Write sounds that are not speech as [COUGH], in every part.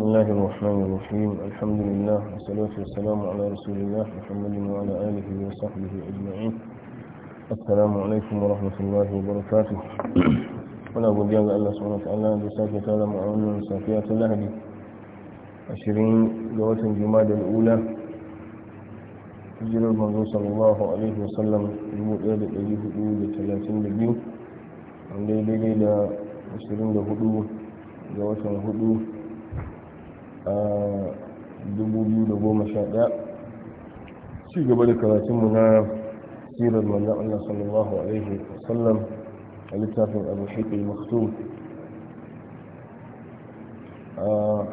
بسم الله الرحمن الرحيم الحمد لله والصلاة والسلام على رسول الله محمد وعلى آله وصحبه أجمعين السلام عليكم ورحمة الله وبركاته ولا بد أن الله سبحانه وتعالى بساكة الله معاون وساكية الأهل عشرين لغة جماد الأولى جل المنزول صلى الله عليه وسلم المؤيد الأجيه أولى ثلاثين لبيو عن ليلة ليلة عشرين لهدو لغة هدو 2011 ci gaba da karatunmu na sirar manzan Allah sallallahu alaihi wasallam a littafin abu shaƙi maktum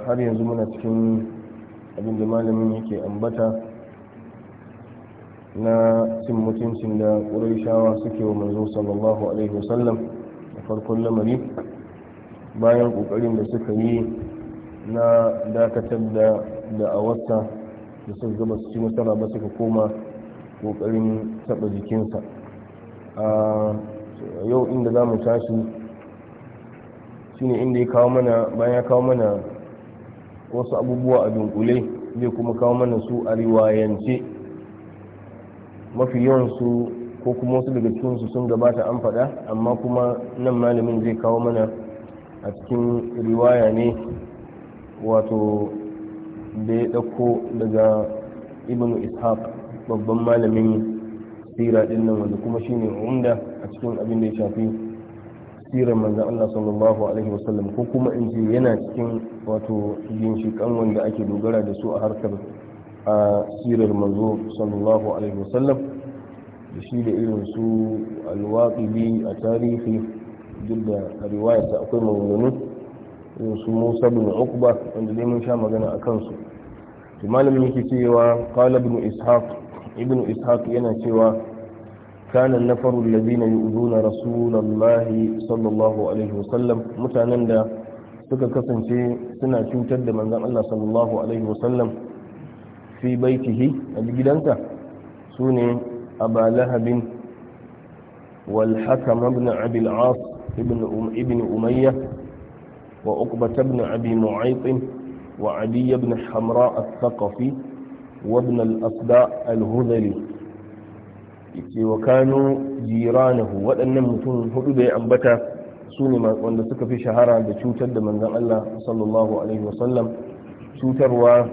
har yanzu muna cikin abin da malamin yake ambata na cin mutuncin da ƙuraishawa suke wa manzo sallallahu alaihi wasallam A farkon lamari bayan ƙoƙarin da suka yi na dakatar da da'awarsa da suka zama su ci nasara ba suka koma kokarin taba jikinsa a yau inda za mu tashi shine inda ya kawo mana bayan ya kawo mana wasu abubuwa a dunkule zai kuma kawo mana su a riwayance mafi yawansu ko kuma wasu daga cikinsu sun gabata an faɗa amma kuma nan malamin zai kawo mana a cikin riwaya ne wato da ya ɗauko daga ibn ishaq babban malamin sira ɗin nan wanda kuma shine umda a cikin abin da ya shafi sirar manzan Allah sallallahu alaihi wasallam ko kuma in ce yana cikin wato ginshiƙan wanda ake dogara da su a harkar a sirar manzo sallallahu alaihi wasallam da shi da irin su alwaƙibi a tarihi duk da riwayarsa akwai maganganu su musa bin ukba wanda dai mun sha magana a kansu to malamin yake cewa qala ibn ishaq ibn ishaq yana cewa kanan kana nafaru alladhina yu'zuna rasulullahi sallallahu alaihi wasallam mutanen da suka kasance suna cutar da manzon Allah sallallahu alaihi wasallam fi baitihi a gidanta sune aba lahabin wal hakam ibn abi al-as ibn um وعقبة بن أبي معيط وعدي بن حمراء الثقفي وابن الأصداء الهذلي وكانوا جيرانه وأن huɗu هدوبي أنبتا سوني wanda suka fi shahara da cutar da manzon Allah sallallahu alaihi wasallam cutarwa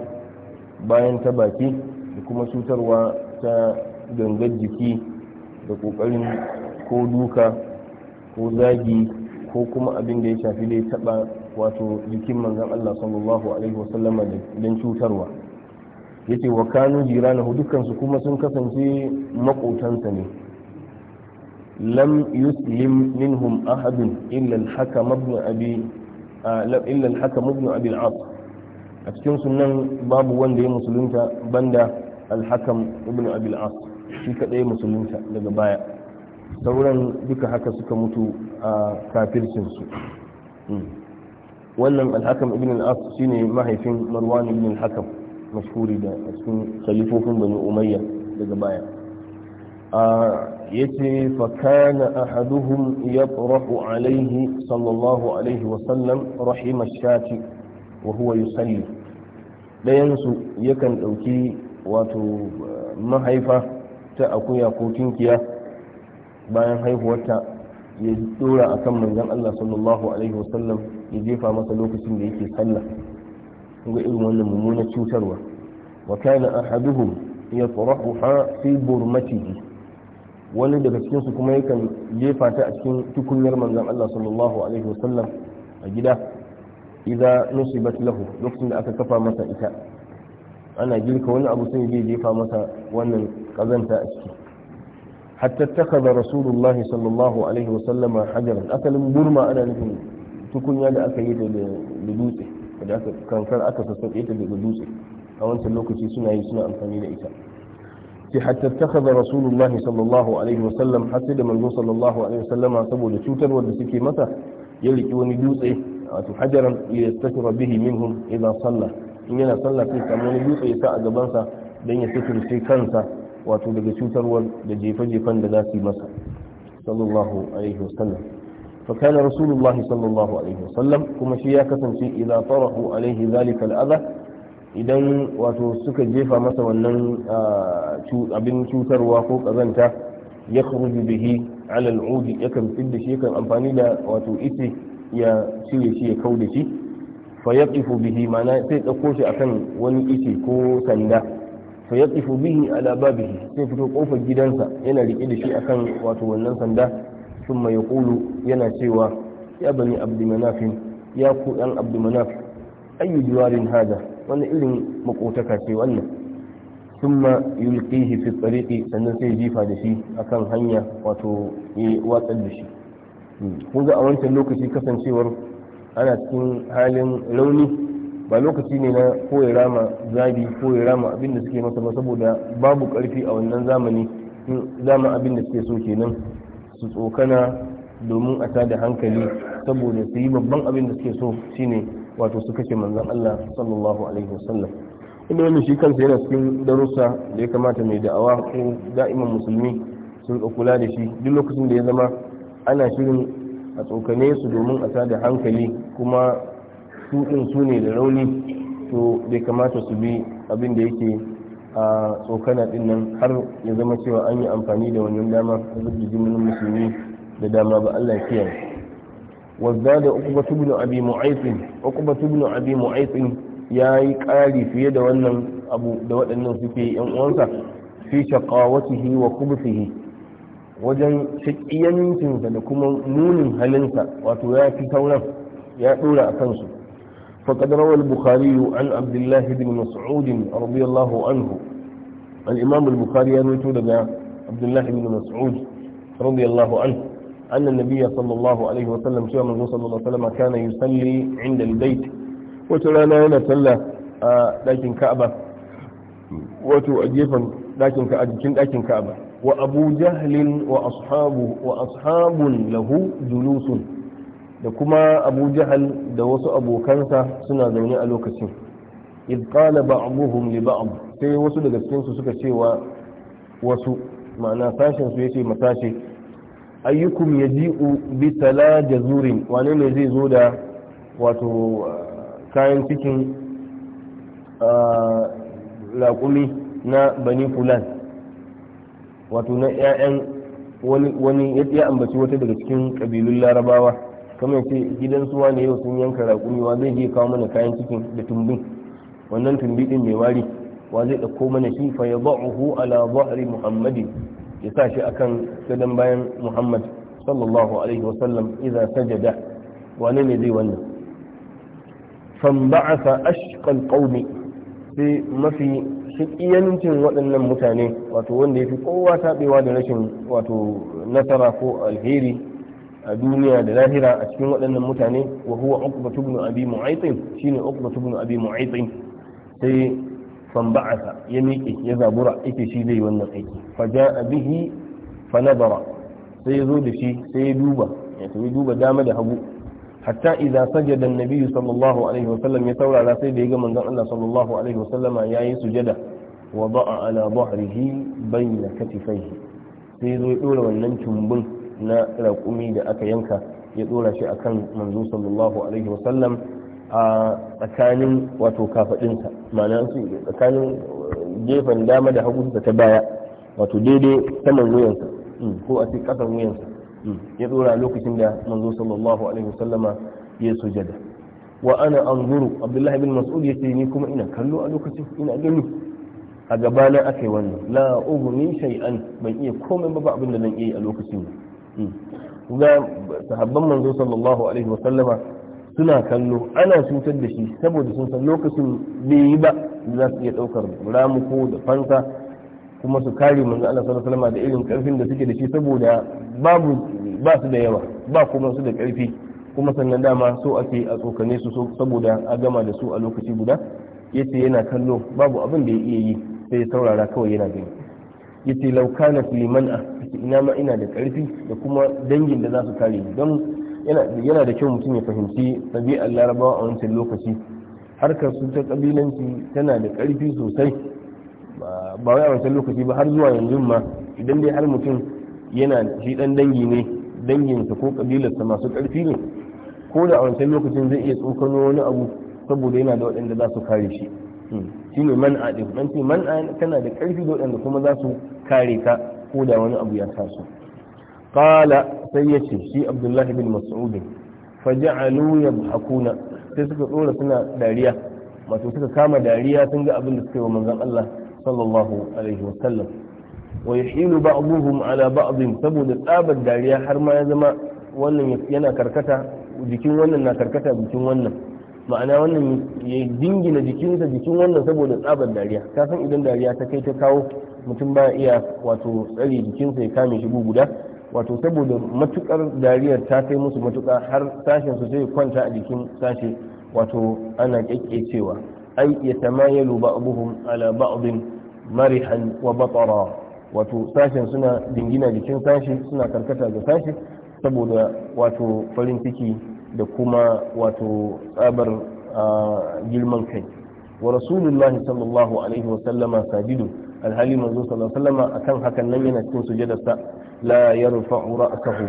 bayan ta baki da kuma cutarwa ta gangar jiki da kokarin ko duka ko zagi ko kuma abin da ya shafi dai taba wato jikin manzan Allah sallallahu alaihi wasallama don cutarwa ya yace wa kanu jira dukkansu kuma sun kasance makotansa ne lam yuslim minhum ahadun illa al haka ibn abi illa al a cikin sunan babu wanda ya musulunta banda al-hakam ibn abi al-as shi kadai musulunta daga baya sauran duka haka suka mutu a kafircin su hmm. wannan alhakam ibn al-as shine mahaifin marwan ibn al-hakam mashhuri da cikin khalifofin bani umayya daga baya yace fa kana ahaduhum yatrahu alayhi sallallahu alayhi wa sallam rahima shati wa huwa yusalli dayan su yakan dauki wato eh, mahaifa ta akuya ko tinkiya bayan haihuwarta ya dora akan manzon Allah sallallahu alaihi sallam. ya jefa masa lokacin da yake sallah ga irin wannan mummunar cutarwa wa kana ahaduhum yatrahuha fi burmatihi wani daga cikin su kuma yakan jefa ta a cikin tukunyar manzon Allah sallallahu alaihi wasallam a gida idan nusibat lahu lokacin da aka kafa masa ita ana girka wani abu sai zai jefa masa wannan kazanta a ciki hatta takhadha rasulullahi sallallahu alaihi wasallama hajaran asalin burma ana nufin tukunya da aka yi ta da dutse da aka kankar aka sassaƙe ta daga dutse a wancan lokaci suna yi suna amfani da ita sai hatta takhadha rasulullah sallallahu alaihi wa sallam hatta da manzo sallallahu alaihi wa sallama saboda cutarwar da suke masa ya riki wani dutse wato hajaran yastatira bihi minhum idan sallah in yana sallah sai samu wani dutse ya sa a gaban sa dan ya suturce kansa wato daga cutarwar da jefe-jefen da za su yi masa sallallahu alaihi wa sallam فكان رسول الله صلى الله عليه وسلم كما شيا كسنتي إذا طرحوا عليه ذلك الأذى idan wato suka jefa masa wannan abin cutarwa ko kazanta ya kuruju bihi alal udi yakan fidda shi yakan amfani da wato ite ya cire shi ya kau da shi fa yaqifu bihi mana sai dauko shi akan wani ite ko sanda fa yaqifu bihi ala babihi sai fito kofar gidansa yana rike da shi akan wato wannan sanda ثم يقول ينا سوى يا بني عبد مناف يا كو أن عبد مناف أي جوار هذا وأنا إلن مقوتك سوى ثم يلقيه في الطريق sannan sai jifa da shi akan hanya wato ya watsar da shi kun ga a wancan lokaci kasancewar ana cikin halin rauni ba lokaci ne na koya rama zabi koya rama abin da suke masa ba saboda babu karfi a wannan zamani zama abin da suke so kenan su tsokana domin a tada hankali saboda su yi babban abin da suke so shine wato su kashe manzan Allah sallallahu alaihi wasallam inda wani shi kansa yana cikin darussa da ya kamata mai da'awa ko da'iman musulmi sun kula da shi duk lokacin da ya zama ana shirin a tsokane su domin a tada hankali kuma su su ne da rauni to bai kamata su bi abin da yake a tsokana din nan har ya zama cewa an yi amfani da wannan dama zubar da jinin musulmi da dama ba Allah kiyaye وازداد عقبة بن أبي معيط عقبة بن أبي ya yayi ƙari fiye da wannan abu da waɗannan suke yan uwansa fi shaqawatihi wa kubsihi wajen shaqiyancinsa da kuma munin halinsa wato ya fi sauran ya ɗora a kansu فقد روى البخاري عن عبد الله بن مسعود رضي الله عنه الإمام البخاري يروي عبد الله بن مسعود رضي الله عنه أن النبي صلى الله عليه وسلم شيئا من صلى الله عليه وسلم كان يصلي عند البيت وترانا أنا صلى لكن آه، كعبة وتؤجفا لكن كأجكين لكن كعبة وأبو جهل وأصحابه وأصحاب له جلوس da kuma abu jahal da wasu abokansa suna zaune a lokacin id qala ba'dhum li ba'd sai wasu daga cikin su suka cewa wasu ma'ana sashen su yace matashi ayyukum yaji'u bi jazurin wane ne zai zo da wato uh, kayan cikin uh, raƙumi na bani fulan wato na 'ya'yan wani ya ambaci wata daga cikin ƙabilun larabawa kamar ce gidan suwa ne yau sun yanka raƙumi wa zai je kawo mana kayan cikin da tumbin wannan tumbi mai wari wa zai ɗauko mana shi fa ya ba'uhu ala zahri muhammadin ya sa shi akan gadon bayan muhammad sallallahu alaihi wasallam sajada wane ne zai wannan fanba'asa ashqal qaumi sai mafi shiƙiyancin waɗannan mutane wato wanda ya fi kowa taɓewa da rashin wato nasara ko alheri a duniya da lahira a cikin waɗannan mutane wa huwa uqbatu ibn abi mu'aytin shine uqbatu ibn abi mu'aytin sai fanba'asa ya miƙe ya zabura yake shi zai wannan aiki fa ja'a bihi fa nadara sai ya zo da shi sai ya duba ya tafi duba dama da hagu hatta idza sajada an-nabi sallallahu alaihi wa sallam ya saurara sai da ya ga manzon Allah sallallahu alaihi wa sallama yayi sujada wa da'a ala dhahrihi bayna katifaihi sai ya zo ya dora wannan cumbin na raƙumi da aka yanka ya ɗora shi akan manzo sallallahu alaihi wasallam a tsakanin wato kafaɗinsa ma'ana su tsakanin gefen dama da hagu ta baya wato daidai saman wuyansa mm, ko a ce ƙasan wuyansa mm, ya ɗora lokacin da manzo sallallahu alaihi wasallama ya sujada wa ana anzuru abdullahi bin mas'ud yace ni kuma ina kallo a lokacin ina gani a gabana aka yi wannan la ugni shay'an ban iya komai ba abin da zan iya a lokacin ga sahabban manzo sallallahu alaihi wa sallama suna kallo ana cutar da shi saboda sun san lokacin bai yi ba za su iya daukar ramuko da fansa kuma su kare manzo Allah sallallahu alaihi wa da irin karfin da suke da shi saboda babu ba su da yawa ba kuma su da karfi kuma sannan dama so ake a tsokane su saboda a gama da su a lokaci guda yace yana kallo babu abin da ya iya yi sai ya saurara kawai yana gani yace laukana na liman'a ina ma ina da karfi da kuma dangin da za su kare ni don yana da kyau mutum ya fahimci ɗabi'ar larabawa a wancan lokaci harkar su ta kabilanci tana da karfi sosai ba wai a wancan lokaci ba har zuwa yanzu ma idan dai har mutum yana shi dan dangi ne danginsa ko kabilarsa masu karfi ne ko da a wancan lokacin zai iya tsokano wani abu saboda yana da waɗanda za su kare shi hmm. shine man'a ɗin an man'a tana da karfi da waɗanda kuma za su kare ka ko da wani abu ya taso qala sai ya ce shi abdullahi bin mas'ud faj'alu yabhakuna sai suka tsora suna dariya masu suka kama dariya sun ga abin da suka yi wa manzon Allah sallallahu alaihi wasallam wa yahilu ba'dhum ala ba'd saboda tsabar dariya har ma ya zama wannan yana karkata jikin wannan na karkata jikin wannan ma'ana wannan ya dingina jikinsa jikin wannan saboda tsabar dariya ka san idan dariya ta kai ta kawo mutum ba iya wato tsari jikinsa ya kame shi guda wato saboda matukar dariyar ta kai musu matuka har sashen su sai kwanta a jikin sashe wato ana cewa ai ya tamayalu ba'dhum ala ba'dhin marihan wa batara wato sashen suna dingina jikin sashe suna karkata ga sashe saboda wato farin ciki da kuma wato tsabar girman kai wa rasulullahi sallallahu alaihi wa sallama sajidu alhali manzo sallallahu akan hakan nan yana cikin sa la yarfa'u ra'sahu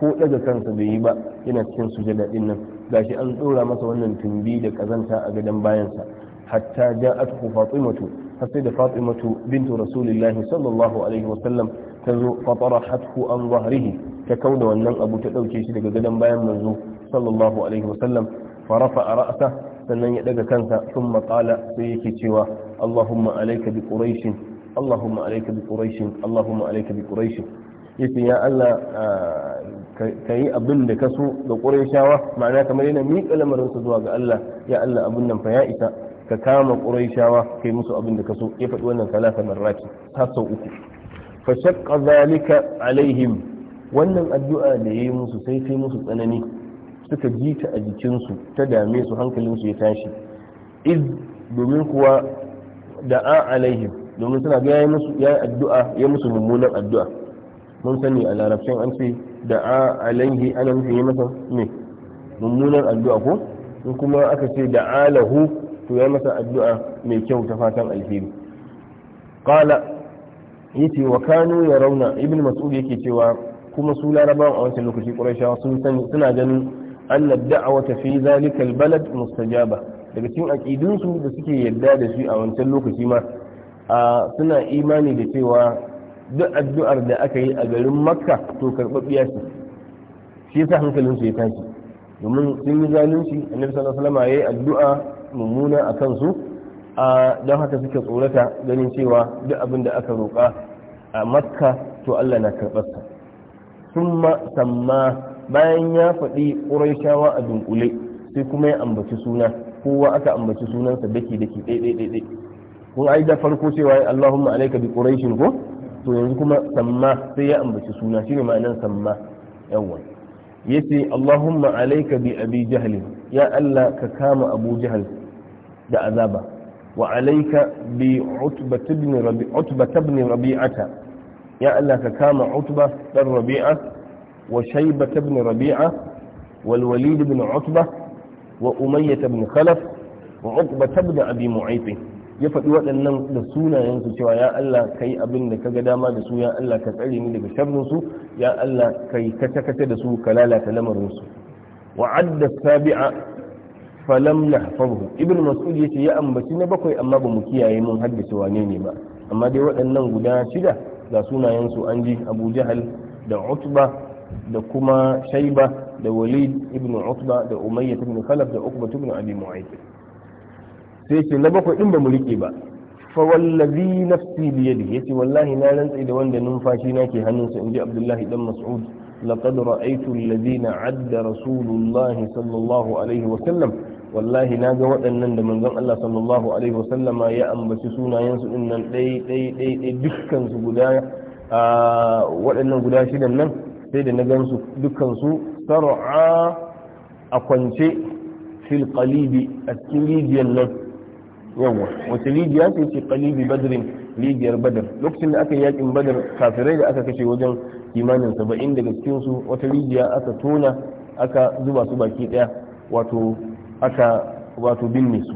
ko daga kansa bai yi ba yana cikin sujada din nan gashi an tsora masa wannan tumbi da kazanta a gadon bayansa hatta ja'at fatimatu har sai da fatimatu bintu rasulillahi sallallahu alaihi wa sallam ta zo fatarahathu an zahrihi ta kauda wannan abu ta dauke shi daga gadon bayan manzo sallallahu alaihi wasallam farafa a ra'asa sannan ya daga kansa sun maƙala sai yake cewa allahumma alaika bi quraishin allahumma alaika bi quraishin allahumma alaika bi quraishin yace ya Allah ka yi abin da ka so ga quraishawa ma'ana kamar yana miƙa lamarin su zuwa ga Allah ya Allah abin nan fa ya isa ka kama quraishawa kai musu abin da ka ya faɗi wannan salasa marraki. har sau uku fa shaqqa zalika alaihim wannan addu'a da yayi musu sai sai musu tsanani suka ji ta a jikinsu ta dame su hankalinsu ya tashi iz domin kuwa da'a alaihim domin suna ga ya yi addu'a ya musu mummunan addu'a mun sani a larabcin an ce da'a alaihi ana nufin yi masa ne mummunan addu'a ko in kuma aka ce da'a lahu to ya masa addu'a mai kyau ta fatan alheri qala yace wa kanu yarawna ibn mas'ud yake cewa kuma su larabawan a wancan lokaci quraishawa sun sani suna ganin anna da'awata fi zalika albalad mustajaba daga cikin aƙidunsu da suke yadda da shi a wancan lokaci ma suna imani da cewa duk addu'ar da aka yi a garin makka to karɓaɓɓiya ce shi sa hankalin su ya tashi domin sun yi zalunci annabi sallallahu alaihi wasallam yi addu'a mummuna akan su don haka suke tsorata ganin cewa duk abin da aka roƙa a makka to Allah na karɓarsa summa samma bayan ya faɗi ƙuraishawa a dunkule sai kuma ya ambaci suna kowa aka ambaci sunansa daki daki ɗaiɗaiɗaiɗai kun ai da farko cewa ya Allahumma alaika bi quraishin ko to yanzu kuma samma sai ya ambaci suna shine ma'anar samma yawa yace Allahumma alaika bi abi jahl ya Allah ka kama abu jahl da azaba wa alaika bi utba ibn rabi utba ibn rabi'ata ya Allah ka kama utba dan rabi'a وشيبة بن ربيعة والوليد بن عتبة وأمية بن خلف وعقبة بن أبي معيط ya faɗi waɗannan da sunayensu cewa ya Allah kai abin da ka ga dama da su ya Allah ka tsare ni daga sharrinsu ya Allah kai kace-kace da su ka lalata lamarinsu wa adda sabi'a falam nahfazu ibn mas'ud ya ce ya ambaci na bakwai amma bamu kiyaye mun haddace wane ne ba amma dai waɗannan guda shida ga sunayensu an ji Abu da Utba da kuma shaiba da walid ibn utba da umayya ibn khalaf da ukba ibn abi mu'ayyid sai ce na bakwai din ba mu rike ba fa wallazi nafsi bi yadi yace wallahi na rantsi da wanda numfashi na ke hannunsa inji abdullahi dan mas'ud laqad ra'aytu alladhina adda rasulullahi sallallahu alaihi wa sallam wallahi na ga waɗannan da manzon Allah sallallahu alaihi wa sallama ya ambaci sunayensu din nan dai dai dai dukkan su guda waɗannan guda shidan nan sai da na gansu dukansu sar'a a kwance fil qalibi a cikin rijiyar nan yawa rijiya ce ce qalibi badrin rijiyar badar lokacin da aka yi yakin badar kafirai da aka kashe wajen kimanin saba'in daga cikinsu wata rijiya aka tona aka zuba su baki daya wato aka wato binne su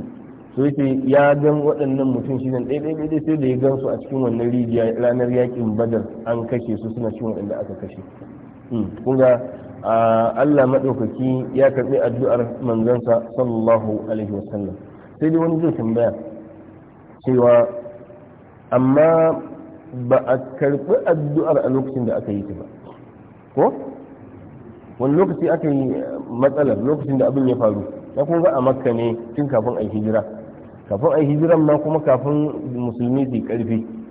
so yake ya gan waɗannan mutum shi nan ɗaiɗaiɗaiɗai sai da ya gan su a cikin wannan rijiya ranar yakin badar an kashe su suna cikin waɗanda aka kashe Hmm. kunga Allah maɗaukaki ya karɓi addu'ar manzansa sallallahu alaihi wasallam sai dai wani zai tambaya cewa amma ba a karɓi addu'ar a lokacin da aka yi ta ba ko wani lokaci aka yi matsalar lokacin da abin ya faru ya kuma a makka ne tun kafin a hijira kafin a hijiran ma kuma kafin musulmi su yi karfi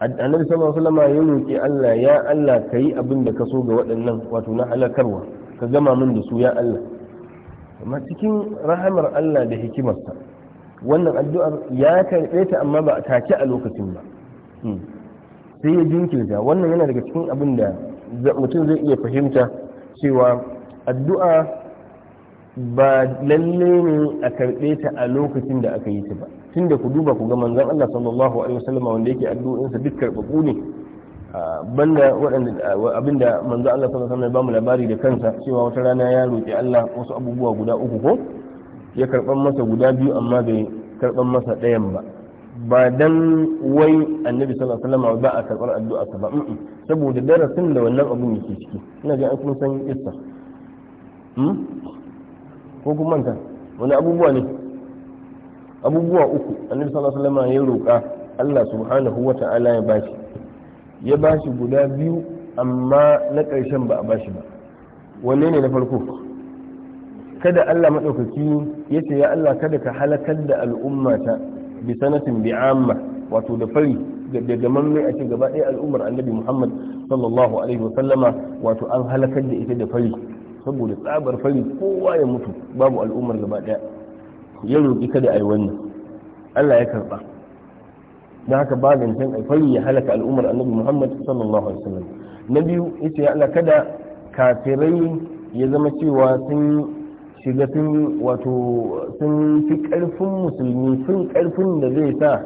annabi sallallahu alaihi wasallam ya roki Allah ya Allah kai abin da ka so ga waɗannan wato na halakarwa ka gama min da su ya Allah amma cikin rahamar Allah da hikimarsa wannan addu'ar ya karɓe ta amma ba a take a lokacin ba hmm. sai ya jinkirta wannan yana daga cikin abin da mutum zai iya fahimta cewa addu'a ba lalle ne a karɓe ta a lokacin da aka yi ta ba tun da ku duba ku ga manzon Allah sallallahu alaihi wasallam wanda yake addu'o'insa duk karbabu ne ah, banda waɗanda ah, abinda manzan Allah sallallahu alaihi wasallam ya bamu labari da kansa cewa wata rana ya roƙi Allah wasu abubuwa guda uku ko ya karban masa guda biyu amma bai karban masa ɗayan ba ba dan wai annabi sallallahu alaihi wasallam ba a karbar addu'a ba saboda darasin da wannan abun ke ciki ina ga kuma san kissa hmm? ko kun manta wani abubuwa ne abubuwa uku annabi sallallahu alaihi wasallam ya roƙa Allah subhanahu wata'ala ya bashi ya bashi guda biyu amma na ƙarshen ba a bashi ba wanne ne na farko kada Allah maɗaukaki ya ce ya Allah kada ka halakar da al'ummata bi sanatin bi amma wato da fari da gamamme a ce gaba ɗaya al'ummar annabi Muhammad sallallahu alaihi wa sallama wato an halakar da ita da fari saboda tsabar fari kowa ya mutu babu al'ummar gaba ɗaya ya roƙi kada a yi wannan Allah ya karɓa da haka ba zancen alfari ya halaka al'ummar annabi muhammad sallallahu alaihi wasallam na biyu yace ya Allah kada kafirai ya zama cewa sun shiga sun wato sun fi ƙarfin musulmi sun ƙarfin da zai sa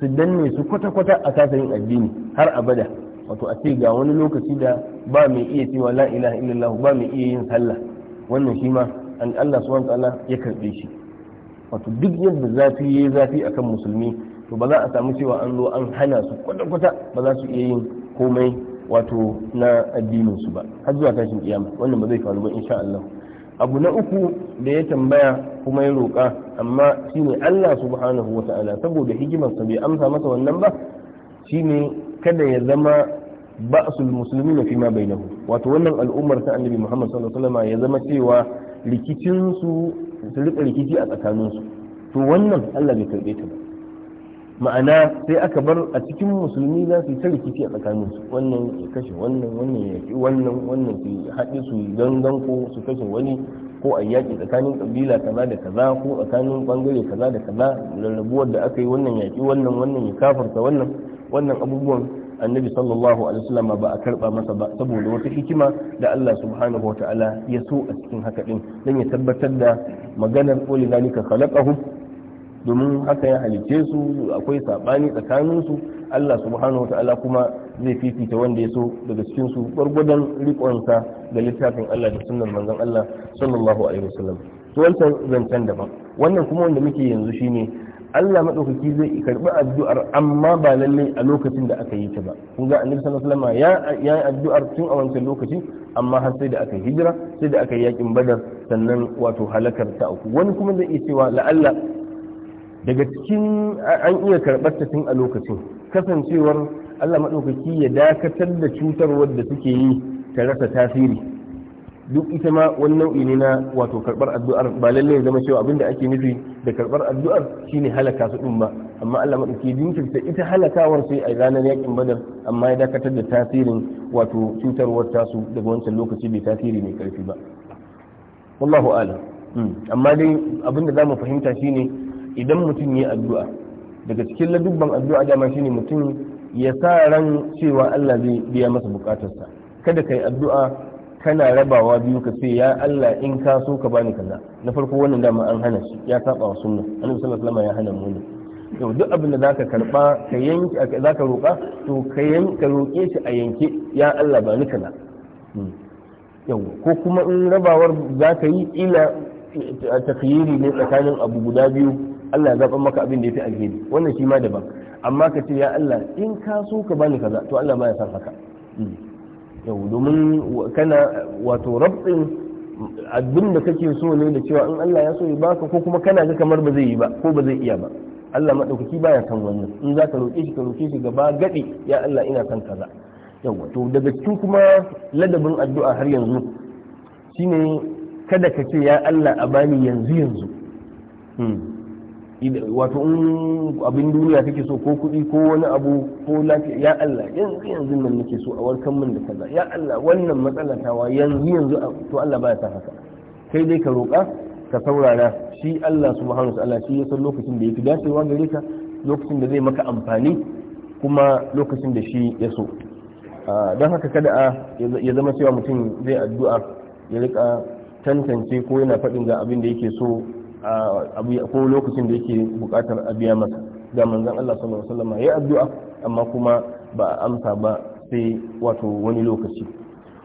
su danne su kwata-kwata a sasayin addini har abada wato a ce ga wani lokaci da ba mai iya cewa la ilaha illallah ba mai iya yin sallah wannan shi ma an Allah subhanahu wa ya karɓe shi wato duk yadda zafi yi zafi akan musulmi to ba za a samu cewa an zo an hana su kwata-kwata ba za su iya yin komai wato na addinin su ba har zuwa tashin kiyama wannan ba zai faru ba insha Allah abu na uku da ya tambaya kuma ya roƙa amma shine Allah subhanahu wata'ala saboda hikimarsa bai amsa masa wannan ba shine kada ya zama ba'sul muslimin fi ma bainahu wato wannan al'ummar ta annabi Muhammad sallallahu alaihi wasallam ya zama cewa rikicin su su riƙa rikici a tsakaninsu to wannan Allah bai karɓe ta ba ma'ana sai aka bar a cikin musulmi za su yi ta rikici a tsakaninsu wannan ya kashe wannan wannan ya fi wannan wannan su haɗe su yi gangan ko su kashe wani ko a yaƙi tsakanin ƙabila kaza da kaza ko tsakanin ɓangare kaza da kaza rarrabuwar da aka yi wannan yaƙi wannan wannan ya kafarta wannan wannan abubuwan annabi sallallahu alaihi wasallam ba a karba masa ba saboda wata hikima da Allah subhanahu wa ta'ala ya so a cikin haka din dan ya tabbatar da maganar qul zalika khalaqahum domin haka ya halice su akwai sabani tsakanin su Allah subhanahu wa ta'ala kuma zai fifita wanda ya so daga cikin su gwargwadon riƙonsa da littafin Allah da sunnar manzon Allah sallallahu alaihi wasallam to wancan zancen daban wannan kuma wanda muke yanzu shine Allah maɗaukaki zai karɓi addu'ar amma ba lallai a lokacin da aka yi ta ba kun ga annabi sallallahu alaihi wasallam ya yi addu'ar tun a wancan lokaci amma har sai da aka hijira sai da aka yi yakin badar sannan wato halakar ta uku wani kuma zai iya cewa la'alla daga cikin an iya karɓar tun a lokacin kasancewar Allah maɗaukaki ya dakatar da cutar wadda suke yi ta rasa tasiri duk ita ma wani nau'i ne na wato karbar addu'ar ba lalle zama cewa abin da ake nufi da karbar addu'ar shine halaka su din ba amma Allah madauki jinkirta ita halakawar sai a ranar yakin badar amma ya dakatar da tasirin wato cutarwar su daga wancan lokaci bai tasiri mai karfi ba wallahu alam hmm. amma dai abin da zamu fahimta shine idan mutum ya addu'a daga cikin ladubban addu'a dama shine mutum ya sa ran cewa Allah zai biya masa bukatarsa kada kai addu'a kana rabawa biyu ka ce ya Allah in ka so ka bani kaza na farko wannan dama an hana shi ya saba wa sunna annabi sallallahu alaihi wasallam ya hana muni, to duk abin da zaka karba ka yanki zaka roka to ka yanke roke shi a yanke ya Allah ba ni kaza hmm. yau ko kuma in rabawar zaka yi ila takyiri ne tsakanin abu guda biyu Allah ya zaba maka abin da yafi alheri wannan shi ma daban amma ka ce ya Allah in ka so ka bani kaza to Allah ma ya san haka hmm. yau domin kana wato rabin abin da kake so ne da cewa in Allah ya so ya baka ko kuma kana ga kamar ba zai yi ba ko ba zai iya ba Allah madaukaki baya kan wannan in za ka roƙe shi ka roƙe shi gaba gadi ya Allah ina son kaza yawa to daga cikin kuma ladabin addu'a har yanzu shine kada ka ce ya Allah a bani yanzu yanzu hmm. wato in abin duniya kake so ko kuɗi ko wani abu ko lafiya ya Allah yanzu yanzu nan nake so a warkan min da kaza ya Allah wannan matsala tawa yanzu yanzu to Allah baya ta haka kai dai ka roƙa ka saurara shi Allah subhanahu wa shi ya san lokacin da yafi dacewa gare ka lokacin da zai maka amfani kuma lokacin da shi ya so don haka kada a ya zama cewa mutum zai addu'a ya rika tantance ko yana faɗin ga abin da yake so ko lokacin da yake bukatar a biya masa ga manzon Allah sallallahu alaihi wasallam ya addu'a amma kuma ba a amsa ba sai wato wani lokaci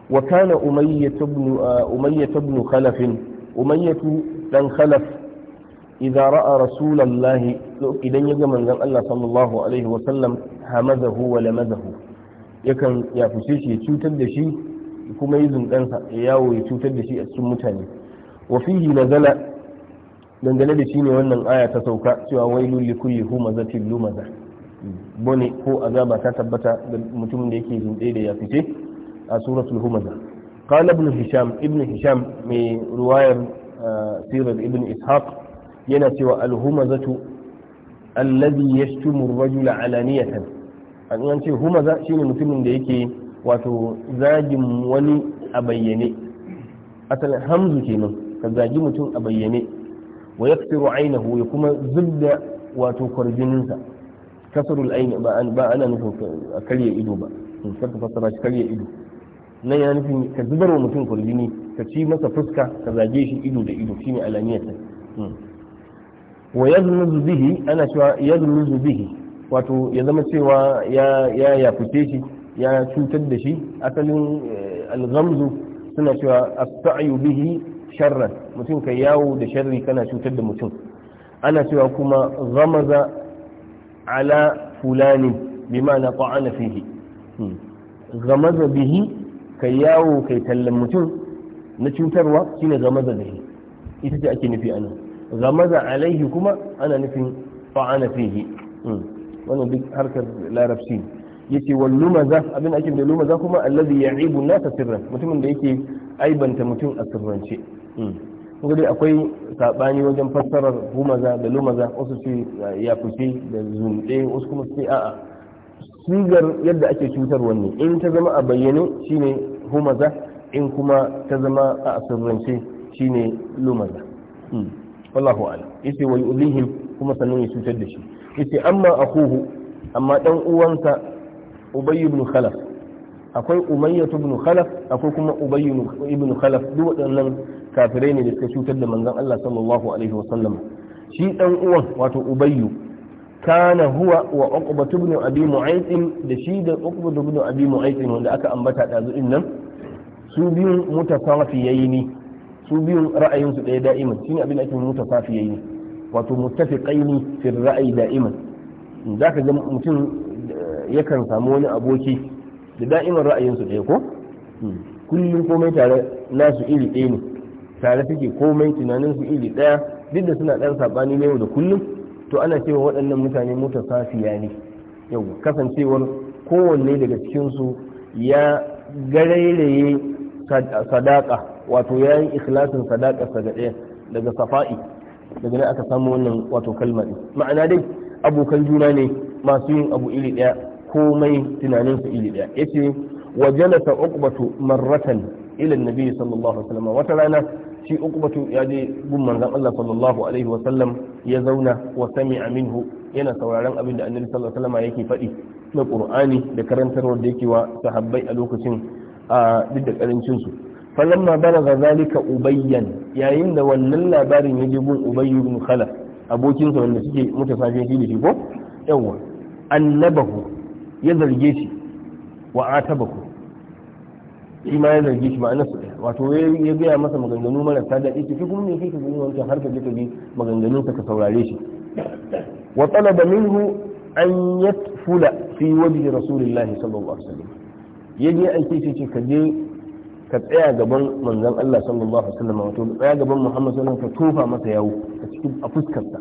wa kana umayyah ibn uh, umayyah ibn khalaf umayyah dan khalaf idza ra'a rasulullah idan ya ga manzon Allah sallallahu alaihi wasallam hamadahu wa lamadahu yakan ya fushe shi ya cutar da shi kuma yi zundansa ya yawo ya cutar da shi a cikin mutane wa fihi nazala dangane da shi ne wannan aya ta sauka cewa wailul likulli humazatin lumaza bone ko azaba ta tabbata da mutumin da yake zunde da ya fice a suratul humaza qala ibn hisham ibn hisham mai ruwayar ah, sirar ibn ishaq yana cewa al humazatu alladhi yashtumu ar-rajula alaniyatan an yan ce humaza shine mutumin da yake wato zagin wani a bayyane asalin hamzu kenan ka zagi mutum a bayyane wa yaktiru ainihu ya kuma zubda wato kwarjininsa kasarul aini ba ana nufin karya ido ba kar ka shi karya ido nan ya nufin ka zubar wa mutum kwarjini ka ci masa fuska ka zage shi ido da ido shine alaniyar ta wa yaznuzu bihi wato ya zama cewa ya ya fice shi ya cutar da shi asalin alghamzu suna cewa as bihi sharran mutum kai yawo da sharri kana cutar da mutum ana cewa kuma zamaza ala fulani bima na ta'ana fihi hmm. gamaza bihi kai yawo kai tallan mutum na cutarwa shine gamaza bihi ita ce ake nufi anan gamaza alaihi kuma ana nufin ta'ana fihi hmm. wannan duk harkar larabci yace wal lumaza abin ake da lumaza kuma allazi ya'ibu nasa sirran mutumin da yake aibanta mutum a sirrance Mm. kuma akwai saɓani wajen fassarar humaza da lumaza wasu su ya fushi da zunɗe wasu kuma ce a'a sigar yadda ake cutar wanne in ta zama a bayyane shine humaza in kuma ta zama a shi shine lumaza mm. wallahu ala yace wa yu'lihim kuma sannan ya cutar da shi yace amma akuhu amma dan uwansa ubay ibn khalaf akwai umayyah ibn khalaf akwai kuma ubay ibn khalaf duk waɗannan kafirai ne da suka cutar da manzon Allah sallallahu alaihi wasallam shi dan uwan wato ubayyu kana huwa wa uqba ibn abi mu'ayth da shi da uqba ibn abi mu'ayth wanda aka ambata dazu din nan su biyun mutasafiyaini su biyun ra'ayin su daya da'iman shine abin da ake mutasafiyaini wato muttafiqaini fi ra'ayi da'iman zaka ga mutum eh, yakan samu wani aboki da da'iman ra'ayin su daya ko hmm. kullum komai tare nasu iri ɗaya ne tare suke komai tunanin su iri daya duk da suna dan sabani ne da kullum to ana cewa waɗannan mutane safiya ne yau kasancewar kowanne daga cikin su ya garairaye sadaka wato ya yi ikhlasin sadaka sa ɗaya daga safa'i daga nan aka samu wannan wato kalma ma'ana dai abokan juna ne masu yin abu iri daya komai tunanin su iri daya yace wa jalasa uqbatu marratan ila annabi sallallahu alaihi wasallam wata rana shi uqbatu ya je gun manzon Allah sallallahu alaihi wa sallam ya zauna wa sami'a minhu yana sauraron abin da annabi sallallahu alaihi wa yake faɗi na qur'ani da karantarwar da yake wa sahabbai a lokacin a duk da karancin su falamma balaga zalika ubayyan yayin da wannan labarin ya je gun ubayy ibn khalaf abokin sa wanda suke mutasafin shi da shi ko yawa annabahu ya zarge shi wa atabahu shi ma ya zargi shi ma'ana su wato ya gaya masa maganganu marasa daɗi ce kuma me kai ka gani wancan har ka je ka bi maganganun ka saurare shi wa talaba minhu an yatfula fi wajhi rasulillahi sallallahu alaihi wasallam ya je aike shi ce ka je ka tsaya gaban manzon Allah sallallahu alaihi wasallam wato ka tsaya gaban Muhammad sallallahu alaihi wasallam ka tofa masa yawo a cikin a fuskarsa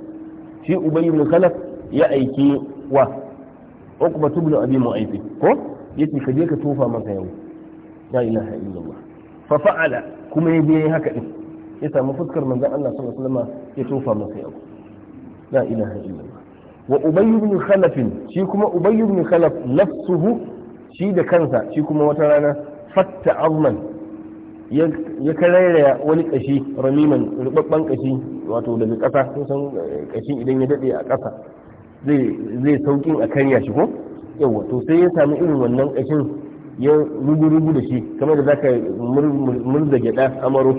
shi ubayy ibn khalaf ya aike wa uqba ibn abi mu'ayth ko yace ka je ka tofa masa yawo la ilaha illallah fa fa'ala kuma ya je haka din ya samu fuskar manzon Allah sallallahu alaihi wasallam ya tofa masa yau la ilaha illallah wa ubay ibn khalaf shi kuma ubay ibn khalaf nafsuhu shi da kansa shi kuma wata rana fatta azman ya karairaya wani kashi ramiman rubabban kashi wato daga kasa kun san kashi idan ya dade a kasa zai saukin a karya shi ko yawa to sai ya sami irin wannan kashin ya rugu-rugu da shi kamar da za ka murza gyaɗa amaro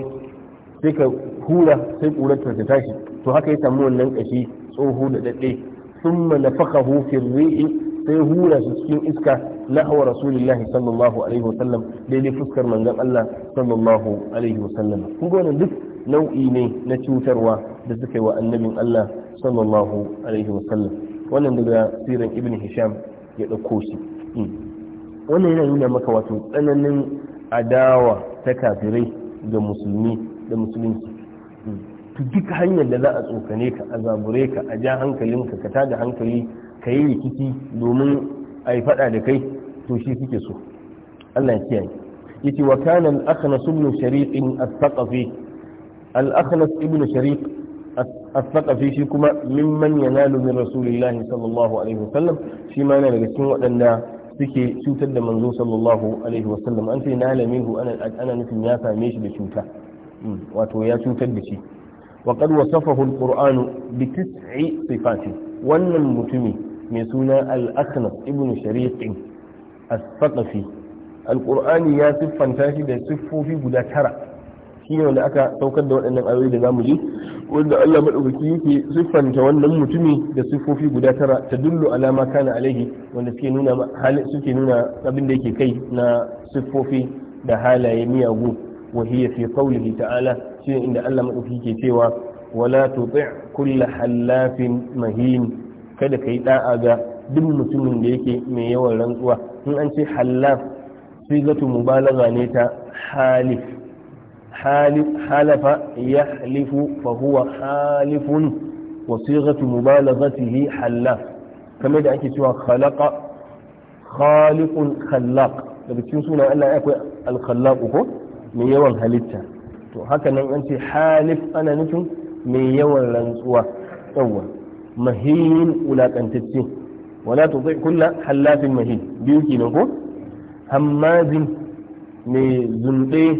sai ka hura sai ƙurar ta tashi to haka ya samu wannan ƙashi tsoho da daɗe sun manafaka hufin ri'i sai hura su cikin iska na hawa rasulillahi sallallahu alaihi wasallam daidai fuskar manzon Allah sallallahu alaihi wasallam kun ga duk nau'i ne na cutarwa da suka yi wa annabin Allah sallallahu alaihi wasallam wannan daga siran ibn hisham ya dauko shi hmm. wannan yana nuna maka wato tsananin adawa ta kafirai ga musulmi da musulunci to duk hanyar da za a tsokane ka a zabure ka a ja hankalinka ka tada hankali ka yi rikici domin a yi faɗa da kai to shi suke so Allah ya kiyaye yace wa kana al-akhnas ibn shariq al-thaqafi al-akhnas ibn shariq shi kuma mimman yanalu min rasulillahi sallallahu alaihi wasallam shi ma yana daga cikin waɗanda suke cutar da manzo sallallahu alaihi wasallam an ce nala minhu ana nufin ya same shi da cuta hmm, wato ya cutar da shi wa qad wasafahu alquran bi tis'i sifati wannan mutumi mai suna al-aknas ibnu shariq as-saqafi alqur'ani ya siffanta shi da siffofi guda tara shi ne wanda aka saukar da waɗannan ayoyi da zamu ji wanda Allah madaukaki yake siffanta wannan mutumi da sifofi guda tara ta dullu alama kana alaihi wanda suke nuna suke nuna abin da yake kai na sifofi da halaye miyagu wa hiya fi qawlihi ta'ala shi ne inda Allah madaukaki yake cewa wala tuti' kull halafin mahin kada kai da'a ga duk mutumin da yake mai yawan rantsuwa in an ce halaf sigatu mubalaga ne ta halif halafa ya fa huwa halifun wa sighatu mubalaghatihi halaf kamar da ake cewa khalaqa khaliqun khallaq da bikin suna Allah akwai al-khallaq ko mai yawan halitta to haka nan an ce halif ana nufin mai yawan rantsuwa yawwa mahin wulakantacce wala tuti kulla halafin mahin biyu kenan ko hammazin mai zunde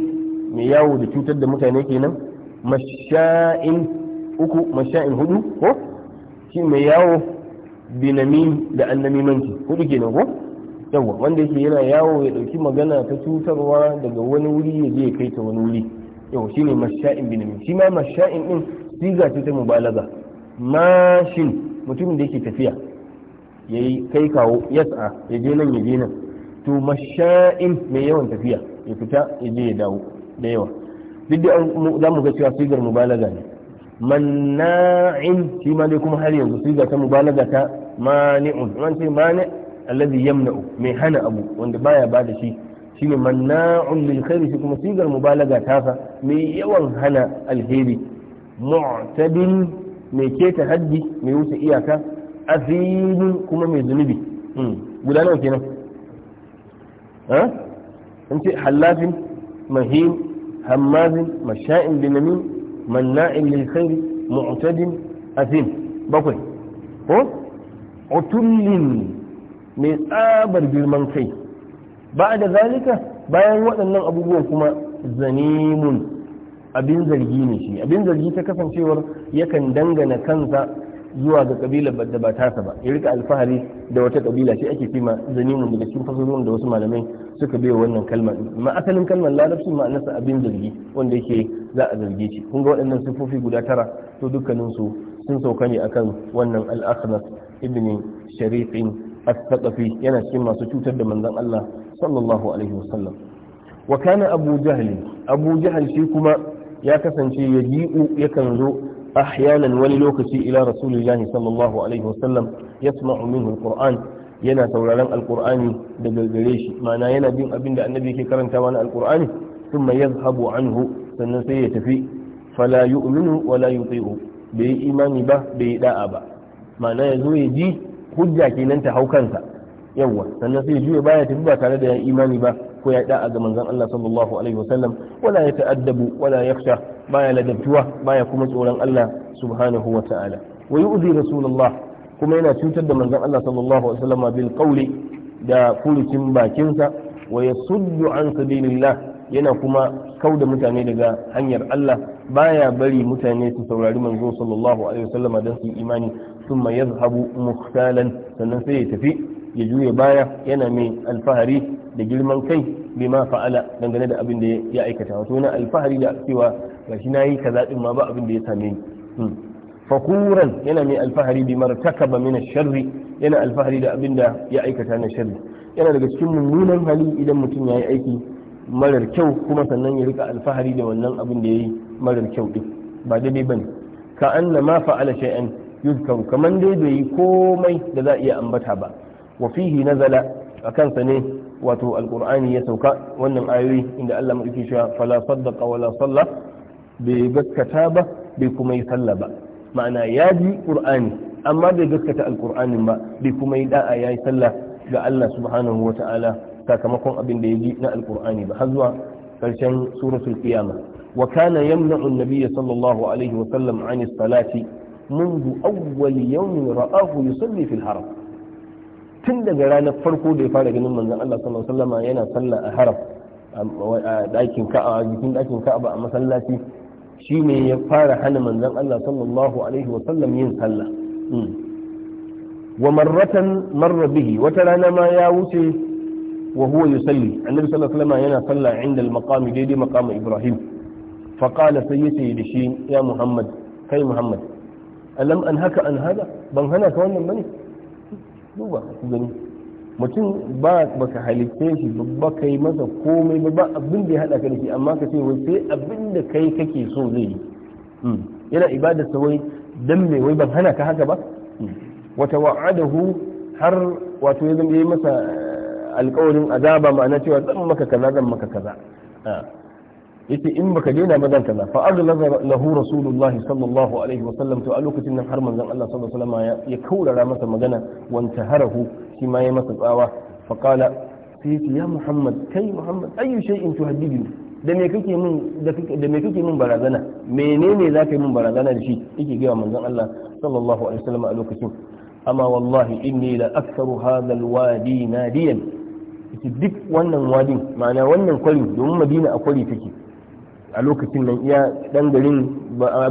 mai yawo da cutar da mutane kenan masha'in uku masha'in hudu ko shi mai yawo binami da annamimanci hudu kenan ko yawa wanda yake yana yawo ya dauki magana ta cutarwa daga wani wuri ya je ya kai ta wani wuri yawa ne masha'in binami shi ma masha'in din siga ce ta mubalaga mashin mutumin da yake tafiya ya yi kai kawo yasa ya je nan ya je nan to masha'in mai yawan tafiya ya fita ya je ya dawo da yawa duk da za mu ga cewa sigar mubalaga ne manna'in shi ma dai kuma har yanzu sigar ta mubalaga ta mani'un man ce mani allazi yamna'u mai hana abu wanda baya ba da shi shine manna'un lil khairi shi kuma sigar mubalaga ta sa mai yawan hana alheri mu'tadin mai keta haddi mai wuce iyaka asimin kuma mai zunubi hmm, guda nawa kenan an ce halafin mahim هماز مشاء بنميم مناع للخير معتد أثيم بقول هو عتل mai tsabar girman kai ba da zalika bayan waɗannan abubuwan kuma zanimun abin zargi ne shi abin zargi ta kasancewar yakan dangana kansa zuwa ga ƙabila da ba tasa ba ya rika alfahari da wata kabila shi ake fima zanimun daga cikin fasalin da wasu malamai suka bai wannan kalmar ma asalin kalmar larabcin ma'anarsa abin zargi wanda yake za a zarge shi kun ga waɗannan sifofi guda tara to dukkanin su sun sauka ne akan wannan al-akhnas ibn sharifin as-saqafi yana cikin masu cutar da manzon Allah sallallahu alaihi wasallam wa kana abu jahl abu jahl shi kuma ya kasance yaji'u yakan zo ahyanan wani lokaci ila rasulullahi sallallahu alaihi wasallam yasma'u minhu al-qur'an yana sauraron alkur'ani da gargare shi ma'ana yana bin abin da annabi yake karanta mana alkur'ani thumma yadhhabu anhu sannan sai ya tafi fala yu'minu wala yuti'u bai imani ba bai da'a ba ma'ana ya zo ya ji hujja kenan ta haukansa yawa sannan sai ya juya baya tafi ba tare da ya imani ba ko ya da'a ga manzon Allah sallallahu alaihi wasallam wala ya ta'addabu wala yakhsha baya ladabtuwa baya kuma tsoron Allah subhanahu wa ta'ala wa yu'zi rasulullah kuma yana cutar da manzon Allah sallallahu alaihi wasallam bil qawli da furucin bakinsa wa yasuddu an sabilillah yana kuma kauda mutane daga hanyar Allah baya bari mutane su saurari manzo sallallahu alaihi wasallam don su imani thumma yazhabu mukhtalan sannan sai ya tafi ya juya baya yana mai alfahari da girman kai bima fa'ala dangane da abin da ya aikata wato na alfahari da cewa gashi nayi kaza din ma ba abin da ya same ni hmm. fakuran yana mai alfahari bi martakaba min sharri yana alfahari da abinda ya aikata na sharri yana daga cikin mummunan hali idan mutum ya yi aiki marar kyau kuma sannan ya rika alfahari da wannan abin da yi marar kyau din ba daidai bane ka anna ma fa'ala shay'an yuzkaru kaman dai bai yi komai da za a iya ambata ba wafihi na zala akan sa ne wato alqur'ani ya sauka wannan ayoyi inda Allah madauki shi fala saddaqa wala salla bai gaskata ba bai kuma yi sallah ba ma'ana ya ji qur'ani amma bai gaskata alqur'anin ba bai kuma yi da'a ya yi sallah ga Allah subhanahu wa ta'ala sakamakon abin da ya ji na alqur'ani ba har zuwa karshen suratul qiyama wa kana yamna'u an-nabiy sallallahu alaihi wa sallam 'an as-salati منذ أول يوم رآه يصلي في الحرم tun daga ranar farko da ya fara ganin manzon Allah sallallahu alaihi wasallam yana sallah a haram a dakin dakin ka'aba a masallaci shi ne ya fara hana manzan Allah sallallahu alaihi wa sallam yin sallah hmm. wa marratan marra bihi wata rana ma ya wuce wa huwa yusalli annabi sallallahu alaihi wa yana sallah inda al-maqam daidai maqam Ibrahim fa qala sai yace da shi ya Muhammad kai Muhammad alam an haka an hada ban hana ka wannan bane duba gani mutum ba baka halitte shi ba kai masa komai ba abin da ya hada ka da shi amma ka ce wai sai abin da kai kake so zai yi hmm. yana ibada sa wai dan me wai ban hana ka haka ba hmm. wata wa'adahu har wato ya zama yi masa eh, alƙawarin azaba ma'ana cewa zan maka kaza zan maka kaza ah. yace in baka daina ba kaza fa azla lahu rasulullah sallallahu alaihi wa sallam to a lokacin nan har manzon Allah sallallahu alaihi wa sallam ya kaurara masa magana wanta harahu shi ma ya masa tsawa fa qala sai ya muhammad kai muhammad ayu shay'in da me kake min da me kake barazana menene zaka yi min barazana da shi yake ga manzon Allah sallallahu alaihi wa sallam a lokacin amma wallahi inni la aktharu hadha alwadi nadiyan duk wannan wadin ma'ana wannan kwari domin madina a kwari take a lokacin nan iya dan garin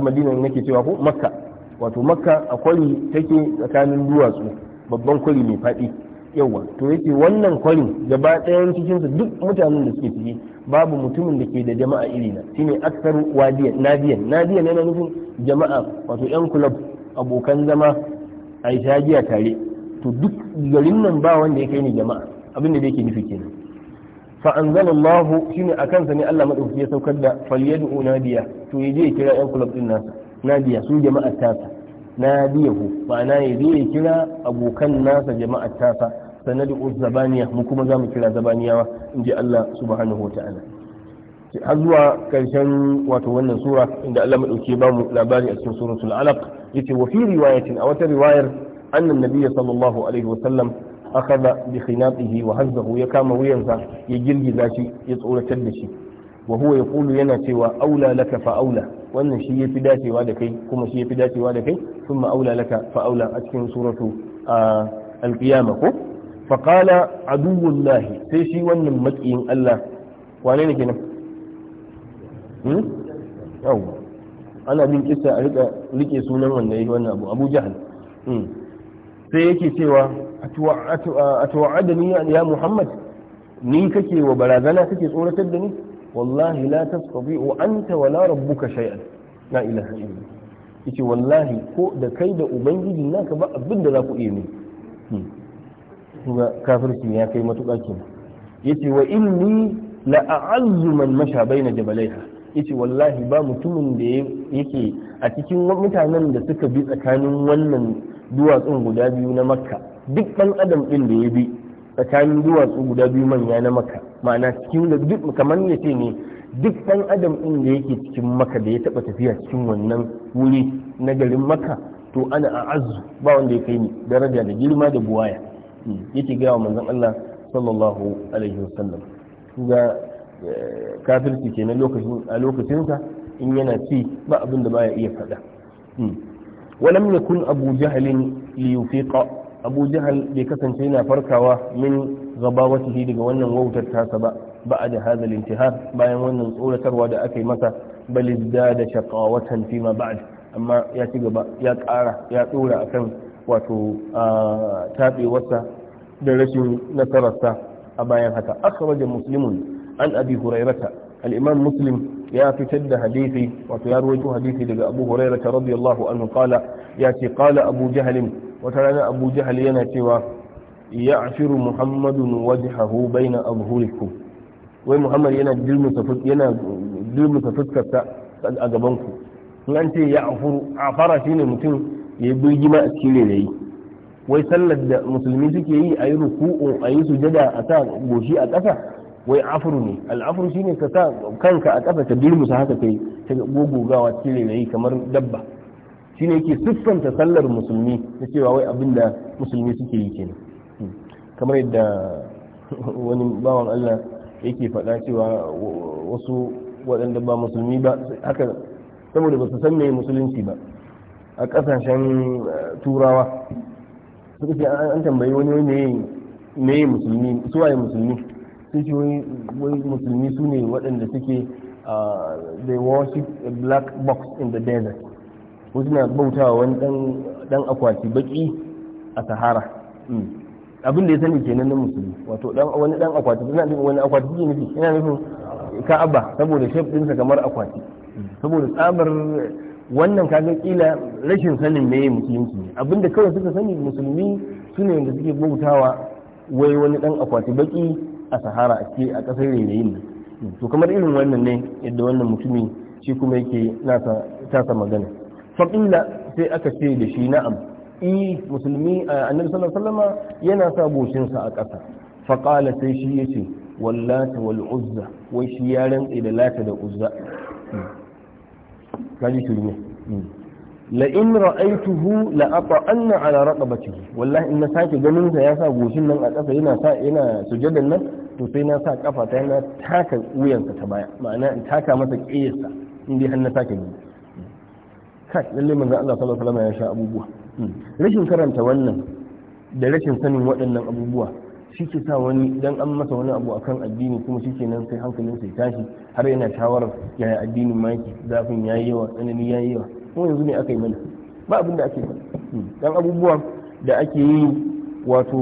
madina nake cewa ko makka wato makka a kwari take tsakanin duwatsu babban kwari mai faɗi yawa to yake wannan kwarin gaba ɗayan cikinsa duk mutanen da suke ciki babu mutumin da ke da jama'a iri na shine aksar wadiyan nadiyan nadiyan yana nufin jama'a wato yan kulab abokan zama a shagiya tare to duk garin nan ba wanda ya kai ni jama'a abin da yake nufi kenan fa anzalallahu shine akan sa ne Allah madaukaki ya saukar da falyad'u nadiya to yaje ya kira yan club din nasa nadiya su jama'ar tasa nadiyahu ma'ana yaje ya kira abokan nasa jama'ar tasa sanadu zabaniya mu kuma zamu kira zabaniyawa in ji Allah subhanahu ta'ala har zuwa karshen wato wannan sura inda Allah madauki ba mu labari a cikin suratul alaq yace wa fi riwayatin a wata riwayar annan nabiyyi sallallahu alaihi wa sallam akhadha bi khinaqihi wa hazzahu ya kama wuyansa ya girgiza shi ya tsoratar da shi wa huwa yaqulu yana cewa aula laka fa aula wannan shi yafi dacewa da kai kuma shi yafi dacewa da kai thumma aula laka fa aula a cikin suratu al-qiyamah ko fa qala aduwullahi sai shi wannan makiyin Allah wane ne kenan yawwa ana bin kissa a rika rike sunan wanda yayi wannan abu Abu Jahal sai yake cewa atuwa'adani ya muhammad ni kake wa barazana kake tsoratar da ni wallahi la tastati'u anta wala rabbuka shay'an la ilaha illa yace wallahi ko da kai da ubangiji naka ba abin da za ku iya ne hmm. kafirci ya kai matuƙa kenan yace wa inni la yace wallahi ba mutumin da yake a cikin mutanen da suka bi tsakanin wannan duwatsun guda biyu na makka duk ɗan adam ɗin da ya bi tsakanin duwatsu guda biyu manya na maka ma'ana cikin da duk kamar ya ce ne duk ɗan adam ɗin da yake cikin maka da ya taɓa tafiya cikin wannan wuri na garin maka to ana a azu ba wanda ya kai ni daraja da girma da buwaya hmm, yake gaya wa manzon Allah sallallahu alaihi wasallam ga eh, kafirci ke na lokacin a lokacinsa in yana ci ba abin da baya iya faɗa ولم يكن أبو جهل ليفيق abu jahal bai kasance yana farkawa min gabawatihi daga wannan wautar tasa ba ba'a da hadal intihar bayan wannan tsoratarwa da aka yi masa bal da shaqawatan fi ma ba'd amma ya ci gaba ya ƙara ya a akan wato tabewarsa da rashin nasararsa a bayan haka akhraja muslimun an abi hurairata al-imam muslim ya fitar da hadisi wato ya rawaito hadisi daga abu hurairata radiyallahu anhu qala ya abu jahalin wata rana abu jahal yana cewa ya ashiru muhammadun wajhahu baina abhurikum wai muhammad yana dirmusa fuskarta a gabanku in an ce ya afuru afara shine mutum ya birgima a cikin yi wai sallar da musulmi suke yi a yi ruku'u a yi sujada a sa goshi a ƙasa wai afuru ne al'afuru shine ka sa kanka a ƙasa ka dirmusa haka kai ta gogogawa cikin yi kamar dabba shine yake siffanta sallar musulmi da cewa wai abin da musulmi suke yi kenan kamar yadda wani bawan Allah yake faɗa cewa wasu waɗanda ba musulmi ba haka saboda ba su san mai musulunci ba a ƙasashen eh, turawa suka ce an tambayi wani wani me musulmi suwaye musulmi sun ce wai musulmi su ne waɗanda suke ah, they worship a black box in the desert ko suna bautawa wani dan akwati baki a sahara hmm. abin da ya sani kenan na musulmi wato wani dan akwati suna nufin wani akwati suke nufi yana nufin ka'aba saboda shef dinsa kamar akwati saboda tsabar wannan kaga kila rashin sanin me musulunci ne abinda kawai suka sani musulmi su ne wanda suke bautawa wai wani dan akwati baki a sahara a ƙasar a kasar yanayin nan to kamar irin wannan ne yadda wannan mutumi shi kuma yake nasa tasa magana faƙila sai aka ce da shi na'am i e, musulmi annabi sallallahu alaihi yana sa goshinsa a ƙasa faƙala sai shi ya ce wallata wal uzza wai shi ya rantse da lata da uzza kaji turmi mm. la'in ra'aituhu la'ata'anna ala raqabatihi wallahi in na sake ganin sa ya sa goshin nan a ƙasa yana sa yana sujadan nan to sai na sa kafa ta yana taka wuyansa ta baya ma'ana in taka masa ƙiyarsa in dai har na sake gani kai lalle manzon Allah sallallahu alaihi wasallam ya sha abubuwa rashin karanta wannan da rashin sanin waɗannan abubuwa shi ke sa wani dan an masa wani abu akan addini kuma shi kenan sai hankalin sai tashi har yana shawarar yaya addinin ma yake zafin yayi yawa tsanani yayi yawa kuma yanzu ne aka yi mana ba abin da ake mana dan abubuwa da ake yi wato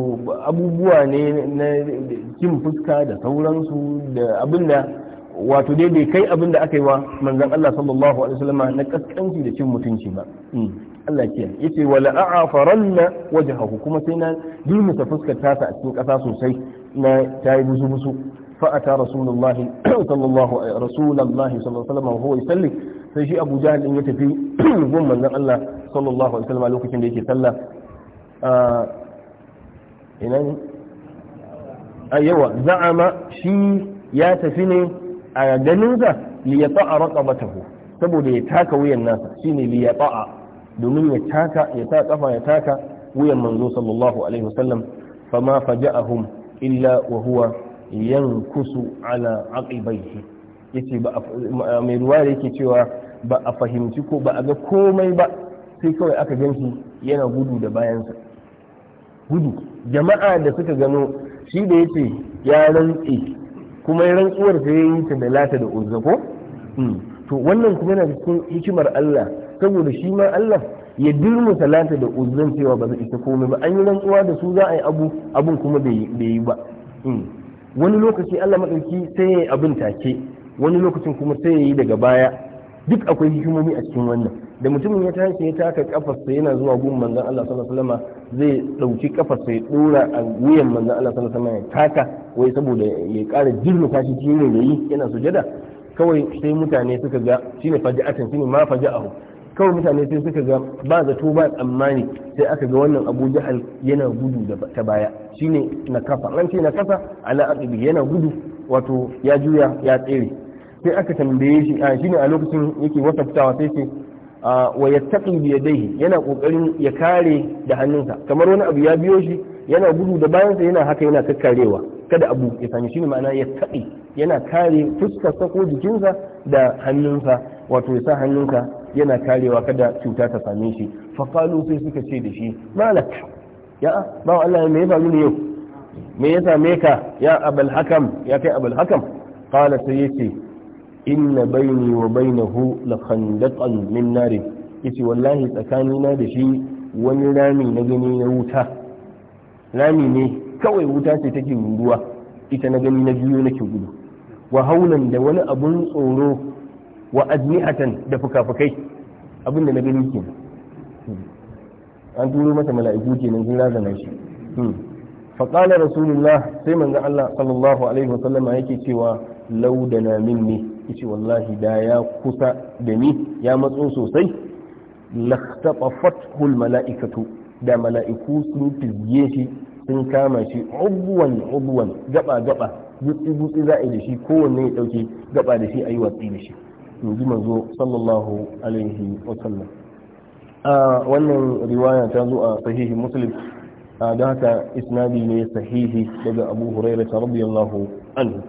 abubuwa ne na kin fuska da sauransu da abin da wato dai bai kai abin da aka yi wa manzan Allah sallallahu alaihi wasallam na kaskanci da cin mutunci ba hmm. Allah ke yace la a'afaranna wajhahu kuma sai na dirmisa fuskar tasa a cikin kasa sosai na tayi busu busu fa ata rasulullahi [CLEARS THROAT] sallallahu rasulullahi sallallahu alaihi wasallam huwa yusalli sai shi Abu Jahl din ya tafi [CLEARS THROAT] gun manzan Allah sallallahu alaihi wasallam lokacin da yake sallah ina ne a yawa za'ama shi ya tafi ne a ganinsa li ya ta'a raqabatahu saboda ya taka wuyan nasa shine li ya ta'a domin ya taka ya ta kafa ya taka wuyan manzo sallallahu alaihi wasallam fama faja'ahum illa wa huwa yankusu ala aqibaihi yace ba mai ruwa yake cewa ba a fahimci ko ba a ga komai ba sai kawai aka ganshi yana gudu da bayansa gudu jama'a da suka gano shi da yace ya rantsi kuma ya rantsuwar sai yi ta da lata da uzza ko hmm. to wannan kuma yana cikin hikimar Allah saboda shi ma Allah ya dirmu salata da uzzan cewa ba zai isa komai ba an yi rantsuwa da su za a yi abu abun kuma bai yi ba hmm. wani lokaci Allah madauki sai ya yi abin take wani lokacin kuma sai ya yi daga baya duk akwai hikimomi a cikin wannan da mutumin ya tashi ya taka kafarsa yana zuwa gun manzon Allah sallallahu alaihi wasallam zai dauki kafarsa ya dora a wuyan manzon Allah sallallahu alaihi wasallam ya taka wai saboda ya kara jirnuka shi cikin da yi yana sujada kawai sai mutane suka ga shine faji'atan shine ma faji'ahu kawai mutane sai suka ga ba zato ba tsammani sai aka ga wannan Abu Jahal yana gudu da ta baya shine na kafa an ce na kafa ala aqibi yana gudu wato ya juya ya tsere sai aka tambaye shi a shine a lokacin yake wasaftawa sai ce wa yattaqi bi yadayhi yana kokarin ya kare da hannunsa kamar wani abu ya biyo shi yana gudu da bayansa yana haka yana kakkarewa kada abu ya sani shi ne ma'ana ya taɓi, yana kare fuskarsa ko jikinsa da hannunsa wato ya sa hannunsa yana karewa kada cuta ta same shi fa sai suka ce da shi malak ya ba Allah me ya faru ne yau me ya same ka ya abul hakam ya kai abul hakam qala sai inna baini wa bainahu la khandaqan min narin yace wallahi tsakanina da shi wani rami na gani na wuta rami ne kawai wuta ce take ruruwa ita na gani na biyo nake gudu wa haulan da wani abun tsoro wa ajnihatan da fukafukai abin da na gani kenan an turo mata mala'iku kenan sun razana shi فقال رسول sai سيما الله صلى الله عليه وسلم هيك سوى لو min مني yace wallahi da ya kusa da ni ya matso sosai hul mala'ikatu da mala'iku sun fizge shi sun kama shi ubuwan ubwan gaba gaba gutsi gutsi za a yi da shi kowanne ya dauke gaba da shi ayi watsi da shi in ji manzo sallallahu alaihi wa sallam wannan riwaya ta zo a sahihi muslim don haka isnadi ne sahihi daga abu hurairah radiyallahu anhu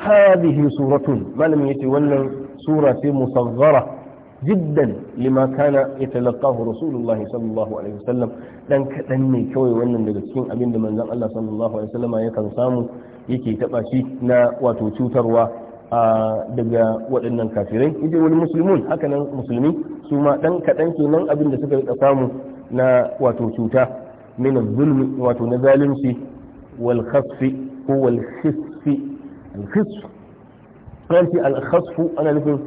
hadhihi suratun malamin yace wannan sura ce musaghara jiddan lima kana yatalaqahu rasulullahi sallallahu alaihi wasallam dan kadan ne kawai wannan daga cikin abinda da manzon Allah sallallahu alaihi wasallama yakan samu yake taba shi na wato cutarwa daga waɗannan kafirai yace wani musulmun haka nan musulmi su ma dan kadan kenan abin da suka rika samu na wato cuta min zulmi wato na zalunci wal khasfi ko wal khisfi alkhis ranci alkhasfu ana nufin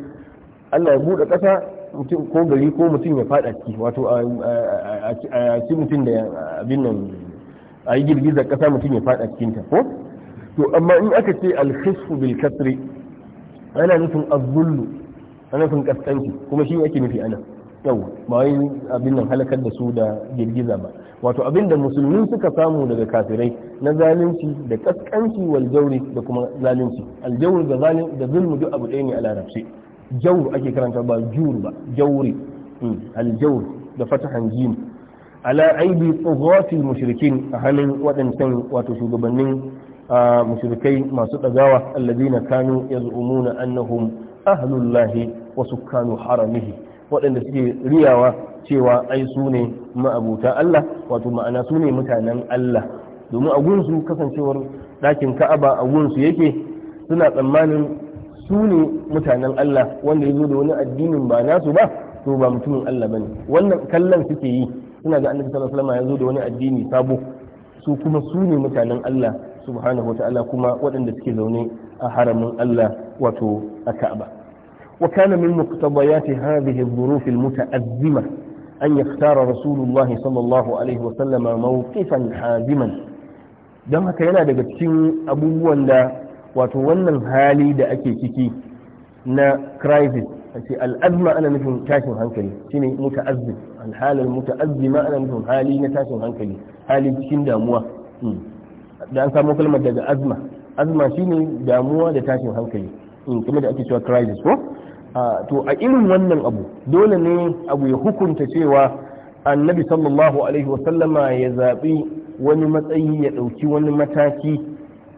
Allah ya bude kasa mutum ko gari ko mutum ya fada ciki wato a ci mutum da abin nan a yi girgiza kasa mutum ya faɗa cikinta ko to amma in aka ce alkhisfu bil kasri ana nufin azzullu ana nufin kaskanci kuma shi ake nufi ana yau ba wai abin nan halakar da su da girgiza ba wato abin da musulmi suka samu daga kafirai na zalunci da kaskanci wal jauri da kuma zalunci aljauri da zalim da zulmu duk abu ɗaya ne a larabci jawr ake karanta ba jur ba jauri hmm, aljawr da fatahan jim ala aibi tsoghatil mushrikin a halin waɗancan wato shugabannin mushrikai masu ɗagawa alladina kanu yaz'umuna annahum ahlullahi wasu kanu haramihi waɗanda suke riyawa cewa ai su ne ma'abuta Allah wato ma'ana su ne mutanen Allah domin a gunsu kasancewar ɗakin ka'aba a gunsu yake suna tsammanin su ne mutanen Allah wanda ya zo da wani addinin ba nasu ba to ba mutumin Allah bane wannan kallon suke yi suna ga annabi sallallahu alaihi wasallam ya zo da wani addini sabo su kuma su ne mutanen Allah subhanahu wataala kuma waɗanda suke zaune a haramin Allah wato a Ka'aba وكان من مقتضيات هذه الظروف المتأزمة أن يختار رسول الله صلى الله عليه وسلم موقفا حازما don haka yana daga cikin abubuwan da wato wannan hali da ake ciki na crisis a al'azma ana nufin tashin hankali shine muta'azzim alhalal muta'azzima ana nufin hali na tashin hankali hali cikin damuwa da an samu kalmar daga azma azma shine damuwa da tashin hankali kuma da ake cewa crisis ko to a irin wannan abu dole ne abu ya hukunta cewa annabi sallallahu alaihi wasallama ya zaɓi wani matsayi ya ɗauki wani mataki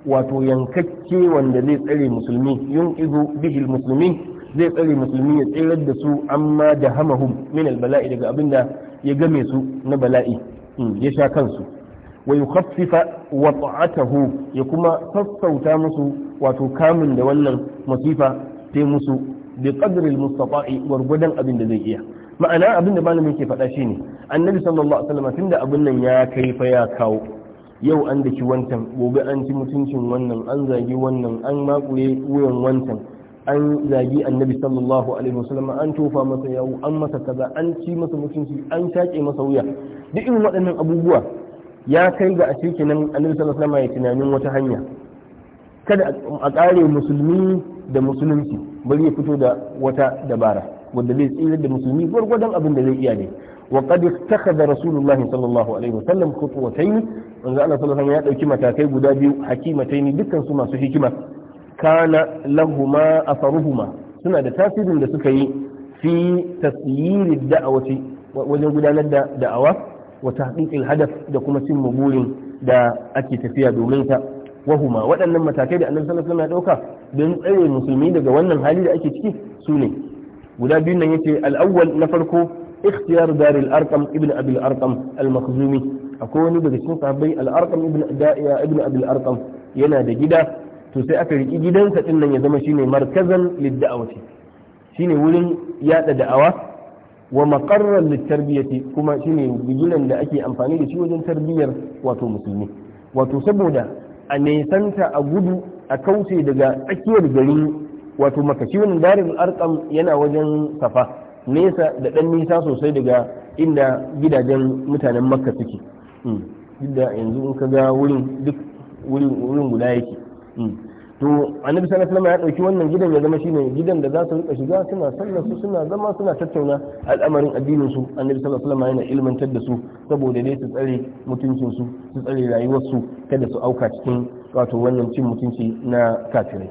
wato yankakke wanda zai tsare musulmi yun izu bihil musulmi zai tsare musulmi ya tsirar da su amma da hamahum min albala'i daga abin da ya game su na bala'i hmm, ya sha kansu wa yukhaffifa ya kuma sassauta musu wato kamun da wannan masifa sai musu bi qadri al-mustata'i gurgudan abin da zai iya ma'ana abin da malamin ke faɗa shi ne. annabi sallallahu alaihi wasallam tunda abin nan ya kai fa ya kawo yau an daki wantan gobe an ci mutuncin wannan an zagi wannan an makure wuyan wantan an zagi annabi sallallahu alaihi wasallam an tofa masa yawo an masa kaza an ci masa mutunci an shaƙe masa wuya duk irin waɗannan abubuwa ya kai ga a ashe nan annabi sallallahu alaihi wasallam ya tunanin wata hanya kada a ƙare musulmi da musulunci bari ya fito da wata dabara wanda zai tsira da musulmi gwargwadon abin da zai iya ne wa qad ittakhadha rasulullahi sallallahu alaihi wasallam khutwatayn manzo Allah sallallahu alaihi ya dauki matakai guda biyu hakimatayn dukkan su masu hikima kana lahuma asaruhuma suna da tasirin da suka yi fi da'a da'awati wajen gudanar da da'awa wa tahqiqil hadaf da kuma cimma burin da ake tafiya domin ta wahuma waɗannan matakai da annabi sallallahu alaihi wasallam ya dauka don tsare musulmi daga wannan hali da ake ciki su ne guda biyun nan yace al-awwal na farko ikhtiyar dar al-arqam ibn abi al-arqam al-makhzumi akwai wani daga cikin sahabbai al-arqam ibn ibn abi al-arqam yana da gida to sai aka riki gidansa din nan ya zama shine markazan lid-da'wati shine wurin yada da'awa wa maqarrar litarbiyyati kuma shine bigiran da ake amfani da shi wajen tarbiyyar wato musulmi wato saboda a nesanta a gudu a kauce daga tsakiyar gari wato maka wani darin darul yana wajen safa nesa da ɗan nisa sosai daga inda gidajen mutanen makka suke hmm. duk yanzu in ka ga wurin duk wurin guda yake hmm. to annabi sallallahu alaihi ya dauki wannan gidan ya zama shine gidan da za su rika shiga suna sallar su suna zama suna tattauna al'amarin addinin su annabi sallallahu alaihi yana ilmantar da su saboda dai su tsare mutuncin su su tsare rayuwar su kada su auka cikin wato wannan cin mutunci na kafirai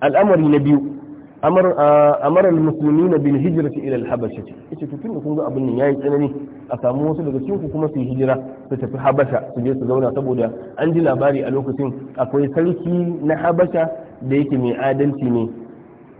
al'amari na biyu amara al-musulmi na bil hijirati ila al-habasha ce to tun da kun ga abin nan yayi tsanani a samu wasu daga cikin ku kuma su hijira su tafi habasha su je su zauna saboda an ji labari a lokacin akwai sarki na habasha da yake mai adalci ne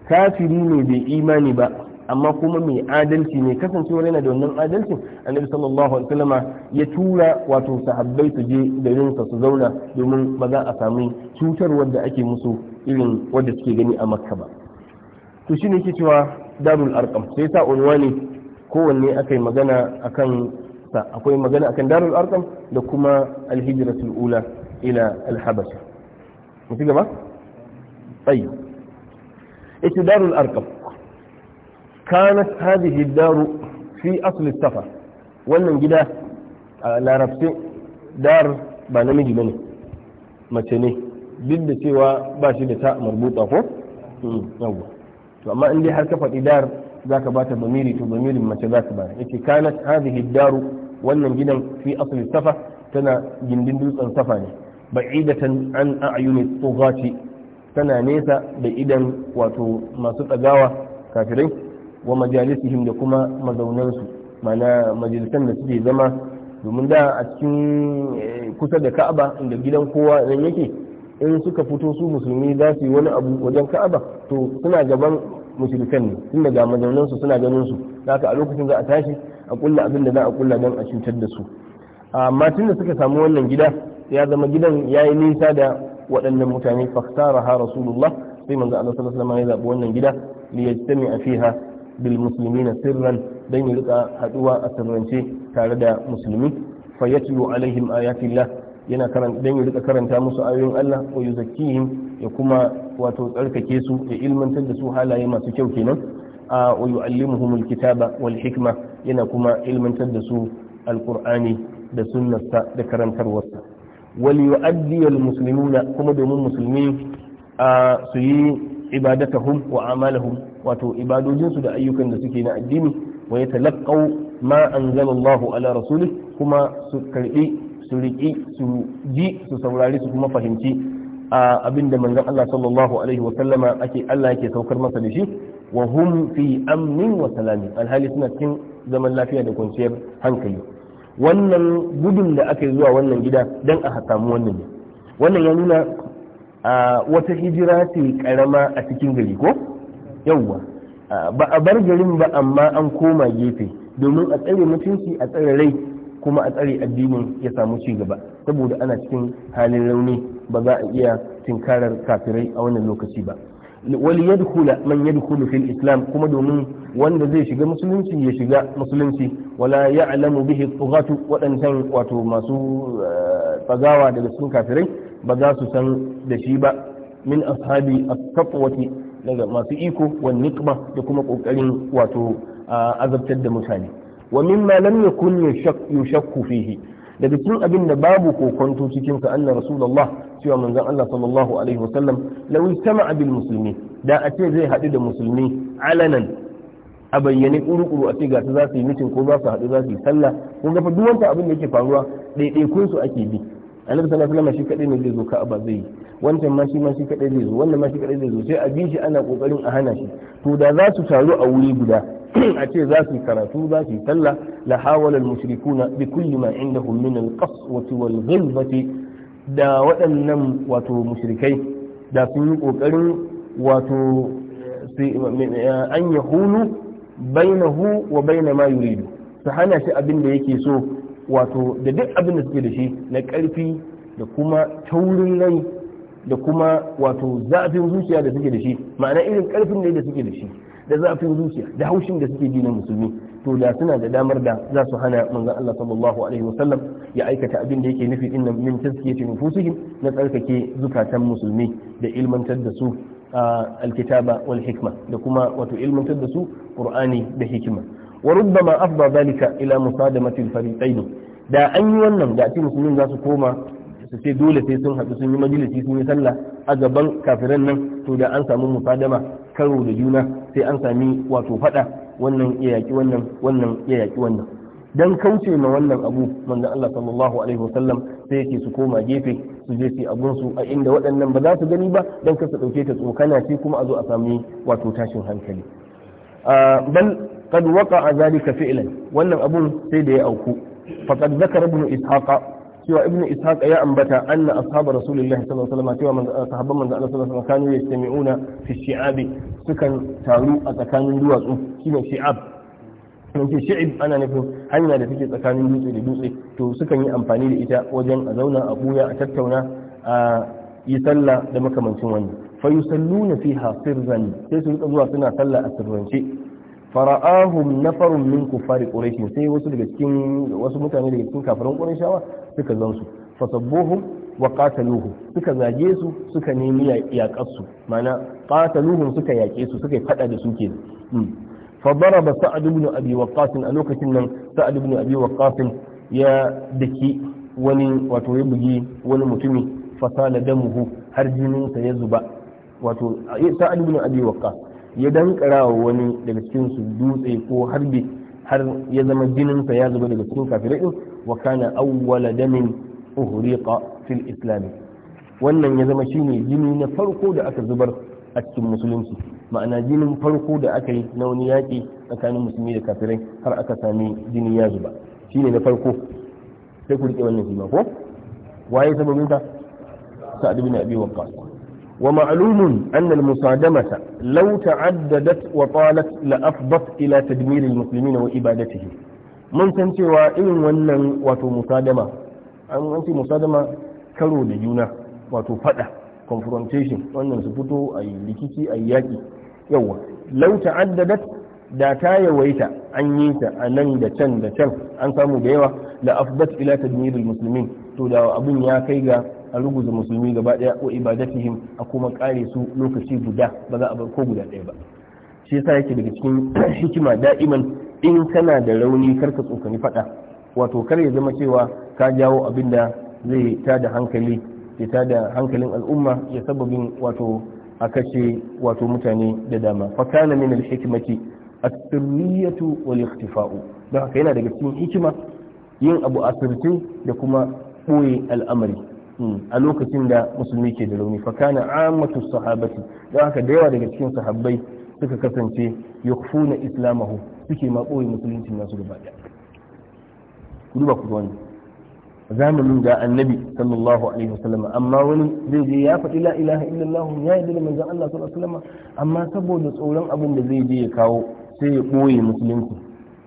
kafiri ne bai imani ba amma kuma mai adalci ne kasancewar yana da wannan adalci annabi sallallahu alaihi wasallama ya tura wato sahabbai su je garinsa su zauna domin ba za a sami cutar wanda ake musu irin wadda suke gani a makka ba to shi ne ke cewa darul arkam sai sa unwani kowanne aka yi magana kan sa akwai magana akan darul arkam da kuma alhijratul ula ila alhabasha mu gaba tsayi ita darul arkam kanat hadhihi daru fi asli safa wannan gida a larabci dar ba namiji bane mace ne duk da cewa ba shi da ta marbuta ko hmm, yawwa to amma in dai har ka faɗi dar zaka bata bamiri to bamirin mace za ka bayar yace kanat hadhihi daru wannan gidan fi asli safa tana gindin dutsen safa ne ba'idatan an a'yuni tughati tana nesa da idan wato masu tsagawa kafirai wa majalisihim da kuma mazaunansu mana majalisan da suke zama domin da a cikin eh, kusa da ka'aba inda gidan kowa nan yake in suka fito su musulmi za su yi wani abu wajen ka'aba to suna gaban mushrikan ne tun daga mazaunan su suna ganin su haka a lokacin za a tashi a kulla abin da za a kulla don a cutar da su amma tun da suka samu wannan gida ya zama gidan ya yi nisa da waɗannan mutane faktara ha rasulullah sai manzo Allah sallallahu alaihi wasallam ya zabi wannan gida li yajtami fiha bil muslimina sirran dan ya rika haduwa a sirrance tare da musulmi fayatlu alaihim ayatillah yana karanta dan ya rika karanta musu ayoyin Allah wa yuzakkihim ya kuma wato tsarkake su ya ilmantar da su halaye masu kyau kenan a wa yu'allimuhumul kitaba wal hikma yana kuma ilmantar da su alqur'ani da sunnarsa da karantarwarsa wal yu'addiyal muslimuna kuma domin musulmi su yi ibadatahum wa amalahum wato ibadojinsu da ayyukan da suke na addini wa yatalaqqaw ma anzalallahu ala rasulih kuma su karbi su riƙi su ji su saurari su kuma fahimci abin da manzon Allah sallallahu alaihi wa sallama ake Allah yake saukar masa da shi wa hum fi amnin wa salami alhali suna cikin zaman lafiya da kwanciyar hankali wannan gudun da aka yi zuwa wannan gida dan a samu wannan ne wannan ya nuna wata hijira ce karama a cikin gari ko yawwa ba a bar garin ba amma an koma gefe domin a tsare mutunci a tsare rai kuma a tsare addinin ya samu ci gaba saboda ana cikin halin rauni ba za a iya tinkarar kafirai a wannan lokaci ba wali yadkhula man yadkhulu fil islam kuma domin wanda zai shiga musulunci ya shiga musulunci wala ya'lamu bihi tughatu wadancan wato masu eh, tsagawa daga cikin kafirai ba za su san da shi ba min ashabi as-satwati daga masu iko wa niqma da kuma kokarin wato eh, azabtar da mutane wa mimma lam yakun yushakku fihi daga cikin abin da babu kokonto cikin ka anna rasulullah cewa manzon Allah sallallahu alaihi wasallam law istama'a bil muslimin da a ce zai haɗu da musulmi alanan a bayyane kuru-kuru a ce ga ta za su yi mitin ko za su haɗu za su yi sallah kun ga duk wanda abin da yake faruwa ɗaiɗaikun su ake bi annabi sallallahu alaihi wasallam shi kadai ne zai zo ka'aba zai yi wancan ma shi ma shi kadai zai zo wannan ma shi kadai zai zo sai a bi shi ana kokarin a hana shi to da za su taru a wuri guda a ce za su karatu za su talla la hawala mushrikuna bi kulli ma indahum min al-qaswati wal ghilbati da waɗannan wato mushrikai da sun yi kokarin wato an yahulu bainahu wa baina ma yuridu su hana shi abin da yake so wato da duk abin da suke da shi na ƙarfi da kuma taurin rai da kuma wato zafin zuciya da suke da shi ma'ana irin ƙarfin ne da suke da shi da zafin zuciya da haushin da suke ji na musulmi to da suna da damar da za su hana manzon Allah sallallahu alaihi wasallam ya aikata abin da yake nufi din nan min tazkiyati nufusihim na tsarkake zukatan musulmi da ilmantar da su alkitaba wal hikma da kuma wato ilmantar da su qur'ani da hikima wa rubbama afda zalika ila musadamati al fariqain da an yi wannan da musulmin za su koma su ce dole sai sun haɗu sun yi majalisi sun yi sallah a gaban kafiran nan to da an samu musadama karo da juna sai an sami wato faɗa wannan ya yaƙi wannan wannan ya yaƙi wannan dan kauce ma wannan abu manzon Allah sallallahu alaihi wasallam sai yake su koma gefe su je su abun su a inda waɗannan ba za su gani ba dan kasa su ɗauke ta tsokana ce kuma a zo a sami wato tashin hankali bal qad waqa'a zalika fi'lan wannan abun sai da ya auku faqad zakara ibn ishaqa cewa ibnu ishaq ya ambata anna ashabu rasulillahi sallallahu alaihi wasallam cewa manzo sahabban manzo Allah sallallahu alaihi wasallam kanu yastami'una fi shi'abi sukan taru a tsakanin duwatsu shine shi'ab yanke shi'ib ana nufin hanya da take tsakanin dutse da dutse to sukan yi amfani da ita wajen a zauna a buya a tattauna a yi sallah da makamancin wani fa yusalluna fiha sirran sai su rika zuwa suna sallah a sirrance fara'ahum nafarun min kufari quraish sai wasu daga cikin wasu mutane daga cikin kafirin qurayshawa suka zansu fasabbuhum wa qataluhu suka zage su suka nemi yaƙar su mana qataluhum suka yaƙe su suka fada da su kenan hmm. fa daraba sa'd ibn abi waqqas a lokacin nan sa'd ibn abi waqqas ya daki wani wato ya bugi wani mutumi fasala damuhu har jininsa ya zuba wato sa'd ibn abi waqqas ya dankara wa wani daga cikin su dutse ko harbi har ya zama jininsa ya zuba daga cikin kafirai din wa kana awwala damin uhriqa fil islam wannan ya zama shine jini na farko da aka zubar a cikin musulunci ma'ana jinin farko da aka yi na wani yaƙi tsakanin musulmi da kafirai har aka sami jini ya zuba shine na farko sai ku rike wannan shi ko waye sababin ta sa'ad bin abi waqqas ومعلوم أن المصادمة لو تعددت وطالت لأفضت إلى تدمير المسلمين وإبادتهم mun san cewa irin wannan wato musadama an ce karo da juna wato fada confrontation wannan su fito a yi rikici a yaƙi yawa lau ta'addadat da ta yawaita an yi ta a nan da can da can an samu da yawa la afdat ila tadmiril muslimin to da abun ya kai ga a ruguza musulmi gaba daya wa ibadatihim a kuma kare su lokaci guda ba za a bar ko guda daya ba shi yasa yake daga cikin [CLEARS THROAT] hikima da'iman in kana da rauni kar ka tsokani fada wato kar ya zama cewa ka jawo abin da zai tada hankali ya tada hankalin al'umma ya sababin wato a kashe wato mutane da dama fa kana min al-hikmati wal ikhtifa'u don haka yana daga cikin hikima yin abu asirci da kuma ɓoye al'amari a lokacin da musulmi ke da launi fa kana ammatu sahabati don haka da yawa daga cikin sahabbai suka kasance yakfuna islamahu suke ma koyi musulunci nasu gaba daya ku duba ku wani zamanin da annabi sallallahu alaihi wasallam amma wani zai je ya faɗi la ilaha illallah ya yi da manzon Allah sallallahu alaihi wasallam amma saboda tsoron abin da zai je ya kawo sai ya boye musulunci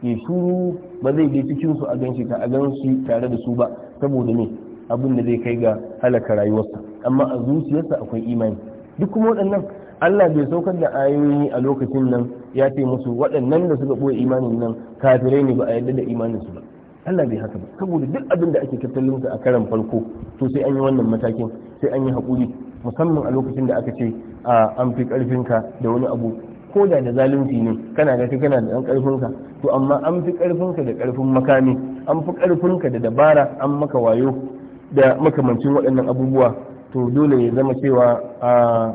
ya shuru ba zai je cikin su a ganshi ta a ganshi tare da su ba saboda ne abin da zai kai ga halaka rayuwarsa amma a zuciyarsa akwai imani duk kuma waɗannan Allah bai saukar da ayoyi a lokacin nan ya ce musu waɗannan da suka ɓoye imanin nan kafirai ne ba a yarda da imaninsu ba Allah bai haka ba saboda duk abin da ake tattalin a karan farko to sai an yi wannan matakin sai an yi haƙuri musamman a lokacin da aka ce a an fi ƙarfinka da wani abu ko da da zalunci ne kana ga kana da ɗan ƙarfinka to amma an fi ƙarfinka da ƙarfin makami an fi ƙarfinka da dabara an maka wayo da makamancin waɗannan abubuwa to dole ya zama cewa a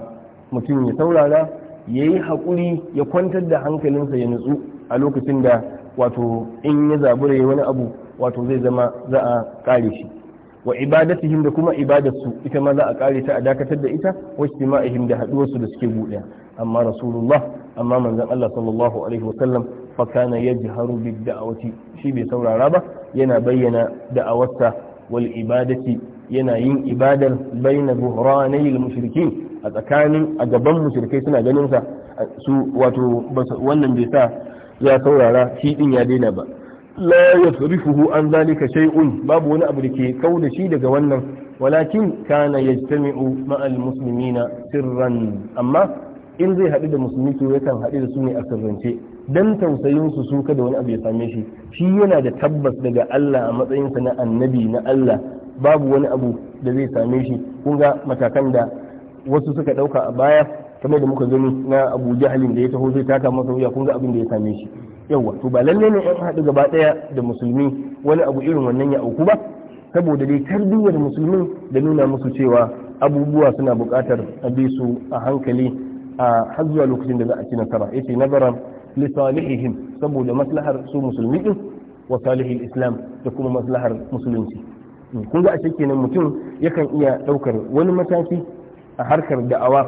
mutum ya saurara ya yi haƙuri ya kwantar da hankalinsa ya nutsu a lokacin da wato in ya zabura wani abu wato zai zama za a ƙare shi wa ibadatihim da kuma ibadarsu ita ma za a kare ta a dakatar da ita wa istima'ihim da haɗuwarsu da suke buɗe amma rasulullah amma manzon Allah sallallahu alaihi wasallam fa kana yajharu bid da'wati shi bai saurara ba yana bayyana da'awarsa wal yana yin ibadar baina na al mushrikin a tsakanin a gaban mushrikai suna ganin sa su wato wannan bai sa ya saurara shi din ya daina ba la yasrifuhu an zalika shay'un babu wani abu da ke kauda shi daga wannan walakin kana yajtami'u ma'al muslimina sirran amma in zai haɗu da musulmi to yakan haɗu da su ne a sirrance dan tausayin su su kada wani abu ya same shi shi yana da tabbas daga Allah a matsayinsa na annabi na Allah babu wani abu da zai same shi kun ga matakan da wasu suka dauka a baya kamar da muka gani na Abu Jahlin da ya taho zai taka masa wuya kun ga abin da ya same shi yawa to ba lalle ne 'yan haɗu gaba ɗaya da musulmi wani abu irin wannan ya auku ba saboda dai tarbiyyar musulmi da nuna musu cewa abubuwa suna buƙatar a bi su a hankali a har zuwa lokacin da za a ci nasara yace nazaran li saboda maslahar su musulmi din wa salihil islam da kuma maslahar musulunci kun ga ashe kenan mutum yakan iya daukar wani mataki a harkar da'awa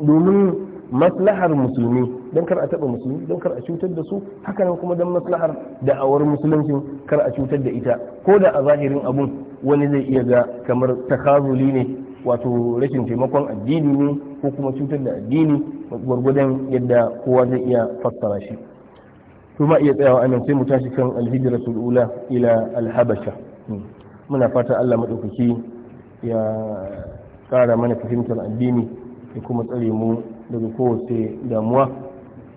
domin maslahar musulmi don kar a taba musulmi don kar a cutar da su haka nan kuma don maslahar da'awar musulunci kar a cutar da ita ko da a zahirin abun wani zai iya ga kamar takazuli ne wato rashin taimakon addini ne ko kuma cutar da addini gwargwadon yadda kowa zai iya fassara shi to ma iya tsayawa anan sai mu tashi kan alhijratul ula ila alhabasha muna fata Allah madaukaki ya kara mana fahimtar addini da kuma tsare mu daga kowace damuwa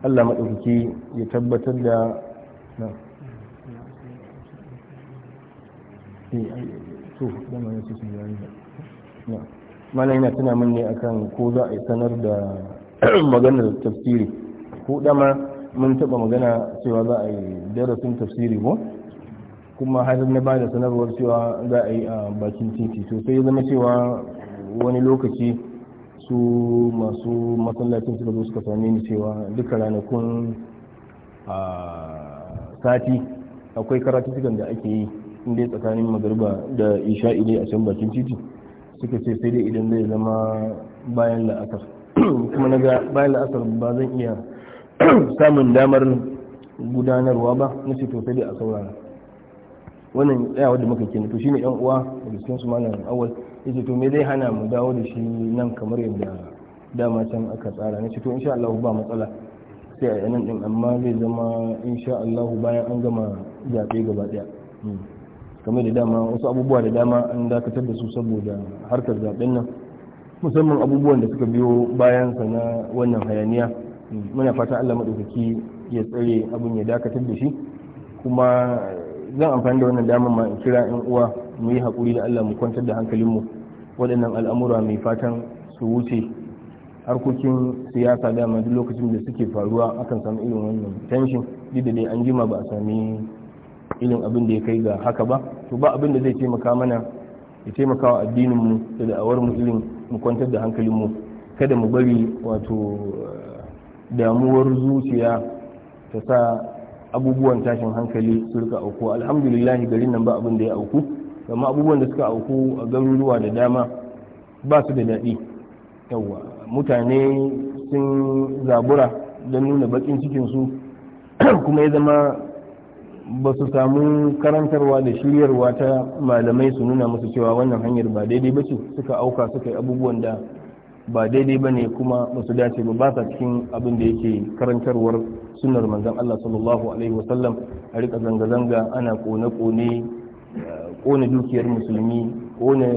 Allah madaukaki ya tabbatar da eh, to malam yana tuna min ne akan ko za a sanar da [CLEARS THROAT] maganar tafsiri ko dama mun taba magana cewa za a yi darasin tafsiri ko kuma har na ba da sanarwar cewa za a yi a bakin titi to sai zama cewa wani lokaci su masu masallacin suka zo suka same ni cewa duka ranakun a sati akwai karatutukan da ake yi inda tsakanin magarba da isha'i a can bakin titi suka ce sai dai idan zai zama bayan la'asar [CLEARS THROAT] kuma na bayan la'asar ba zan iya [CLEARS THROAT] samun damar gudanarwa ba na ce to sai dai a saurara wannan ya da muka kenan to shine yan uwa da cikin su malam awal yace to me zai hana mu dawo da shi nan kamar yadda dama can aka tsara na ce to insha Allah ba matsala sai a nan din amma zai zama insha Allah bayan an gama zabe gaba daya hmm. kamar da dama wasu abubuwa da dama an dakatar da su saboda harkar zaben nan musamman abubuwan da suka biyo bayan sa na wannan hayaniya muna fata Allah maɗaukaki ya tsare abin ya dakatar da shi kuma zan amfani da wannan dama ma in kira yan uwa mu yi haƙuri da Allah mu kwantar da hankalinmu waɗannan al'amura mai fatan su wuce harkokin siyasa dama duk lokacin da suke faruwa akan samu irin wannan tension duk da dai an jima ba a sami irin abin da ya kai ga haka ba to ba abin da zai taimaka mana ya taimaka wa addininmu da da'awar mu irin mu kwantar da hankalinmu kada mu bari wato eh, damuwar zuciya ta sa abubuwan tashin hankali su rika auku alhamdulillah garin nan ba abin da ya auku amma abubuwan da suka auku a garuruwa da dama ba su da daɗi yawa mutane sun zabura don nuna bakin cikinsu [CLEARS THROAT] kuma ya zama ba su samu karantarwa da shiryarwa ta malamai su nuna musu cewa wannan hanyar ba daidai ba ce suka auka suka yi abubuwan da ba daidai ba ne kuma ba su dace ba ba sa cikin abin da yake karantarwar sunar manzan Allah sallallahu alaihi wasallam a rika zanga-zanga ana kone-kone kone dukiyar musulmi kone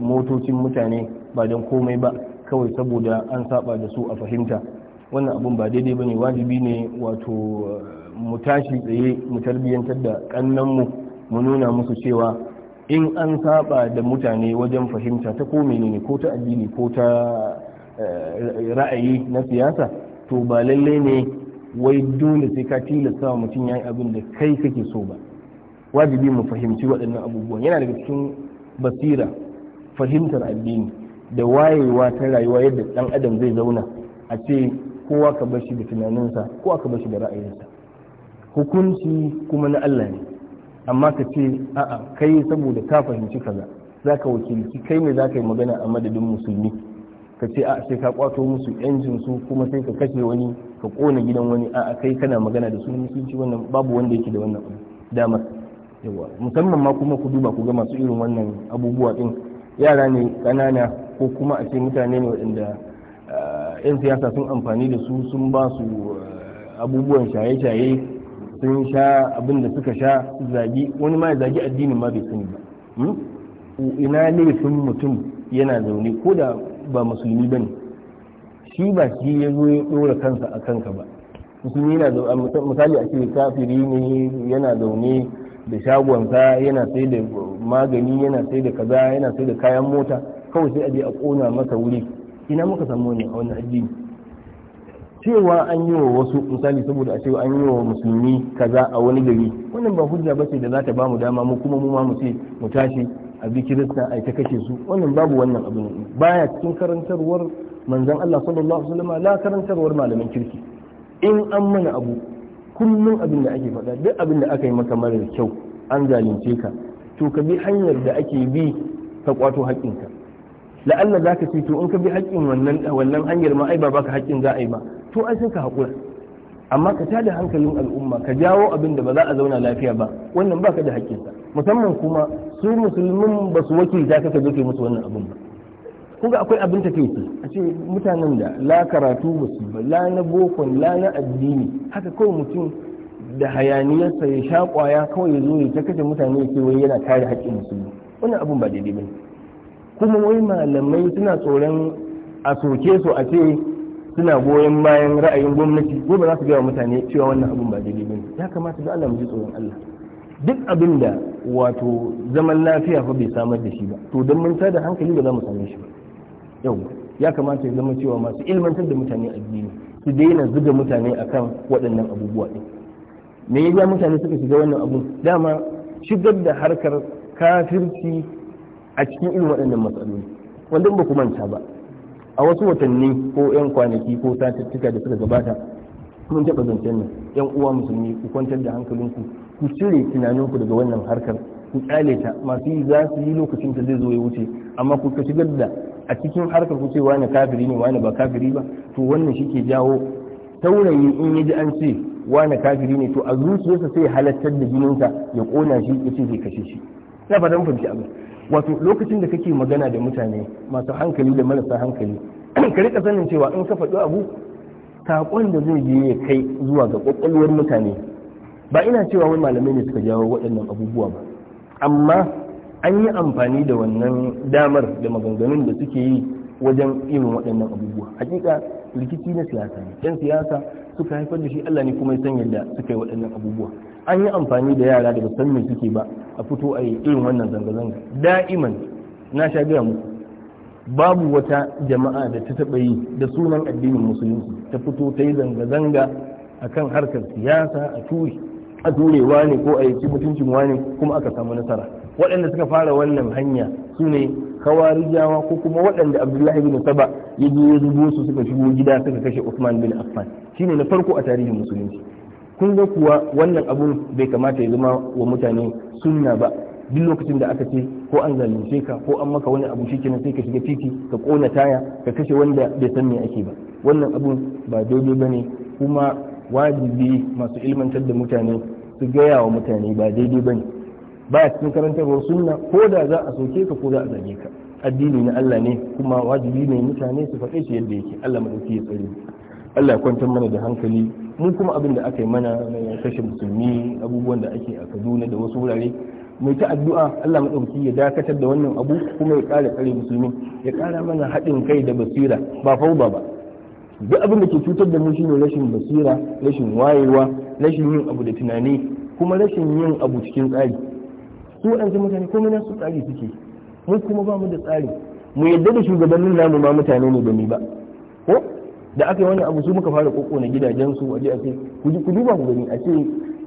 motocin mutane ba don komai ba kawai saboda an saba da su a fahimta wannan abin ba daidai ba ne wajibi ne wato mu tashi tsaye mu tarbiyyantar da kannanmu mu nuna musu cewa in an saba da mutane wajen fahimta ta ko menene ko ta addini ko ta eh, ra'ayi na siyasa to ba lalle ne wai dole sai ka tilasta wa mutum yayi abin da kai kake so ba wajibi mu fahimci waɗannan abubuwan yana daga cikin basira fahimtar addini da wayewa ta rayuwa yadda ɗan adam zai zauna a ce kowa ka bashi da tunaninsa kowa ka bashi da ra'ayinsa hukunci kuma na Allah ne amma ka ce a'a kai saboda ka fahimci kaza za ka wakilci kai ne za ka yi magana a madadin musulmi ka ce a sai ka kwato musu yancin su kuma sai ka kashe wani ka kona gidan wani a kai kana magana da sunan musulunci wannan babu wanda yake da wannan damar yawa musamman ma kuma ku duba ku ga masu irin wannan abubuwa din yara ne kanana ko kuma a ce mutane ne waɗanda yan ah, siyasa sun amfani da su sun ba su ah, abubuwan shaye-shaye sun sha abin da suka sha zagi wani ma ya zagi addinin ma bai sani ba hmm? ina laifin mutum yana zaune ko da ba musulmi ba ne shi ba shi ya zo ya ɗora kansa a kanka ba musulmi yana zaune misali a ce kafiri ne yana zaune da shagonsa yana sai da magani yana sai da kaza yana sai da kayan mota kawai sai a je a kona masa wuri ina muka samu ne a wannan addini cewa an yi wa wasu misali saboda a cewa an yi wa musulmi kaza a wani gari wannan ba hujja ba ce da za ta ba mu dama mu kuma mu ma mu ce mu tashi a bi kirista a ta kashe su wannan babu wannan abu ne baya cikin karantarwar manzon Allah sallallahu alaihi wasallam la karantarwar malamin kirki in an mana abu kullum abin da ake faɗa duk abin da aka yi maka mara kyau an zalunce ka to ka bi hanyar da ake bi ta kwato haƙƙinka la'alla za ka ce to in ka bi haƙƙin wannan wannan hanyar ma ai ba baka haƙƙin za a yi ba to ai sai ka haƙura amma ka tada hankalin al'umma ka jawo abin da ba za a zauna lafiya ba wannan baka da haƙƙinsa musamman kuma su musulmin ba su wakilta ka zo ke musu wannan abin ba ga akwai abin ta kai a ce mutanen da la karatu ba su ba la na bokon la na addini haka kawai mutum da hayaniyarsa ya sha kwaya kawai ya zo ya ta kashe mutane ya ce wai yana kare haƙƙin musulmi wannan abin ba daidai ba ne kuma wai malamai suna tsoron a soke su a ce suna goyon bayan ra'ayin gwamnati ko ba za su gaya mutane cewa wannan abin ba daidai bane ya kamata da Allah mu ji tsoron Allah duk abin da wato zaman lafiya fa bai samar da shi ba to don mun da hankali ba za mu same shi ba yau ya kamata ya zama cewa masu ilmantar da mutane addini su daina zuga mutane akan waɗannan abubuwa ɗin me ya mutane suka shiga wannan abu dama shigar da harkar kafirci a cikin irin waɗannan matsaloli wanda ba ku manta ba a wasu watanni ko 'yan kwanaki ko satuttuka da suka gabata mun taɓa zancen nan 'yan uwa musulmi ku kwantar da hankalinku ku cire tunaninku daga wannan harkar ku kyale ta masu yi za su yi lokacin ta zai zo ya wuce amma ku ka shigar da a cikin harkar ku ce wani kafiri ne wani ba kafiri ba to wannan shi ke jawo taurayi in ya ji an ce wani kafiri ne to a zuciyarsa sai halattar da jininsa ya ƙona shi ya ce zai kashe shi na fatan fahimci abin wato lokacin da kake magana da mutane masu hankali da marasa hankali [CLEARS THROAT] ka rika sanin cewa in ka faɗi abu saƙon da zai je ya kai zuwa ga ƙwaƙwalwar mutane ba ina cewa wai malamai ne suka jawo waɗannan abubuwa ba amma an yi amfani da wannan damar da maganganun da suke yi wajen irin waɗannan abubuwa hakika rikici na siyasa ne yan siyasa suka haifar da shi Allah ne kuma ya san yadda suka yi waɗannan abubuwa an yi amfani da yara da san me suke ba a fito a yi irin wannan zanga-zanga da'iman na sha gaya muku babu wata jama'a da ta taɓa yi da sunan addinin musulunci ta fito ta yi zanga-zanga a kan harkar siyasa a ture a turewa ne ko a yi ci mutuncin wani kuma aka samu nasara waɗanda suka fara wannan hanya su ne kawarijawa ko kuma waɗanda abdullahi bin saba ya je ya zubo su suka shigo gida suka kashe usman bin affan shine na farko a tarihin musulunci kun ga kuwa wannan abun bai kamata ya zama wa mutane sunna ba duk lokacin da aka ce ko an zalunce ka ko an maka wani abu shikenan sai ka shiga titi ka kona taya ka kashe wanda bai san me ake ba wannan abun ba daidai bane kuma wajibi masu ilmantar da mutane su gaya wa mutane ba daidai bane ba cikin karantarwar sunna ko da za a soke ka ko za a zage ka addini na Allah ne kuma wajibi ne mutane su faɗe shi yadda yake Allah madauki ya tsare Allah ya kwantar mana da hankali mun kuma abin da aka yi mana na kashe musulmi abubuwan da ake a kaduna da wasu wurare mai ta addu'a Allah maɗauki ya dakatar da wannan abu kuma ya ƙara tsare musulmi ya ƙara mana haɗin kai da basira ba fauba ba duk abin da ke cutar da mu shine rashin basira rashin wayewa rashin yin abu da tunani kuma rashin yin abu cikin tsari su waɗansu mutane komai su tsari suke mu kuma ba mu da tsari mu yadda da shugabannin namu ma mutane ne da ni ba da aka yi wani abu su muka fara kokona gidajen a waje a ce ku duba ku gani a ce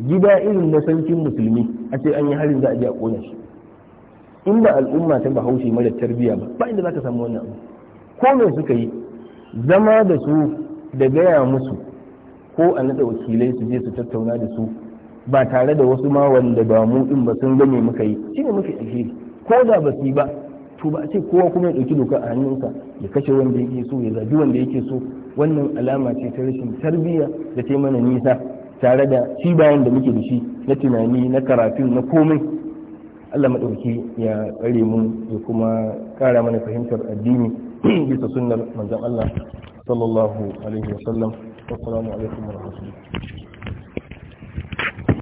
gida irin na sarkin musulmi a ce an yi harin za a je a kona shi in ba al'umma ta bahaushe mara tarbiyya ba ba inda za ka samu wannan abu ko me suka yi zama da su da gaya musu ko a nada wakilai su je su tattauna da su ba tare da wasu ma wanda ba mu din ba sun gane muka yi shine muke alheri ko da ba su yi ba to ba a ce kowa kuma ya ɗauki doka a hannunka ya kashe wanda yake so ya zagi wanda yake so wannan alama ce ta rashin tarbiyya da ta mana nisa tare da shi bayan da muke da shi na tunani na karatu na komai Allah maɗauki ya tsare mu ya kuma ƙara mana fahimtar addini [CLEARS THROAT] bisa sunnar manzon Allah sallallahu alaihi wasallam alaikum wa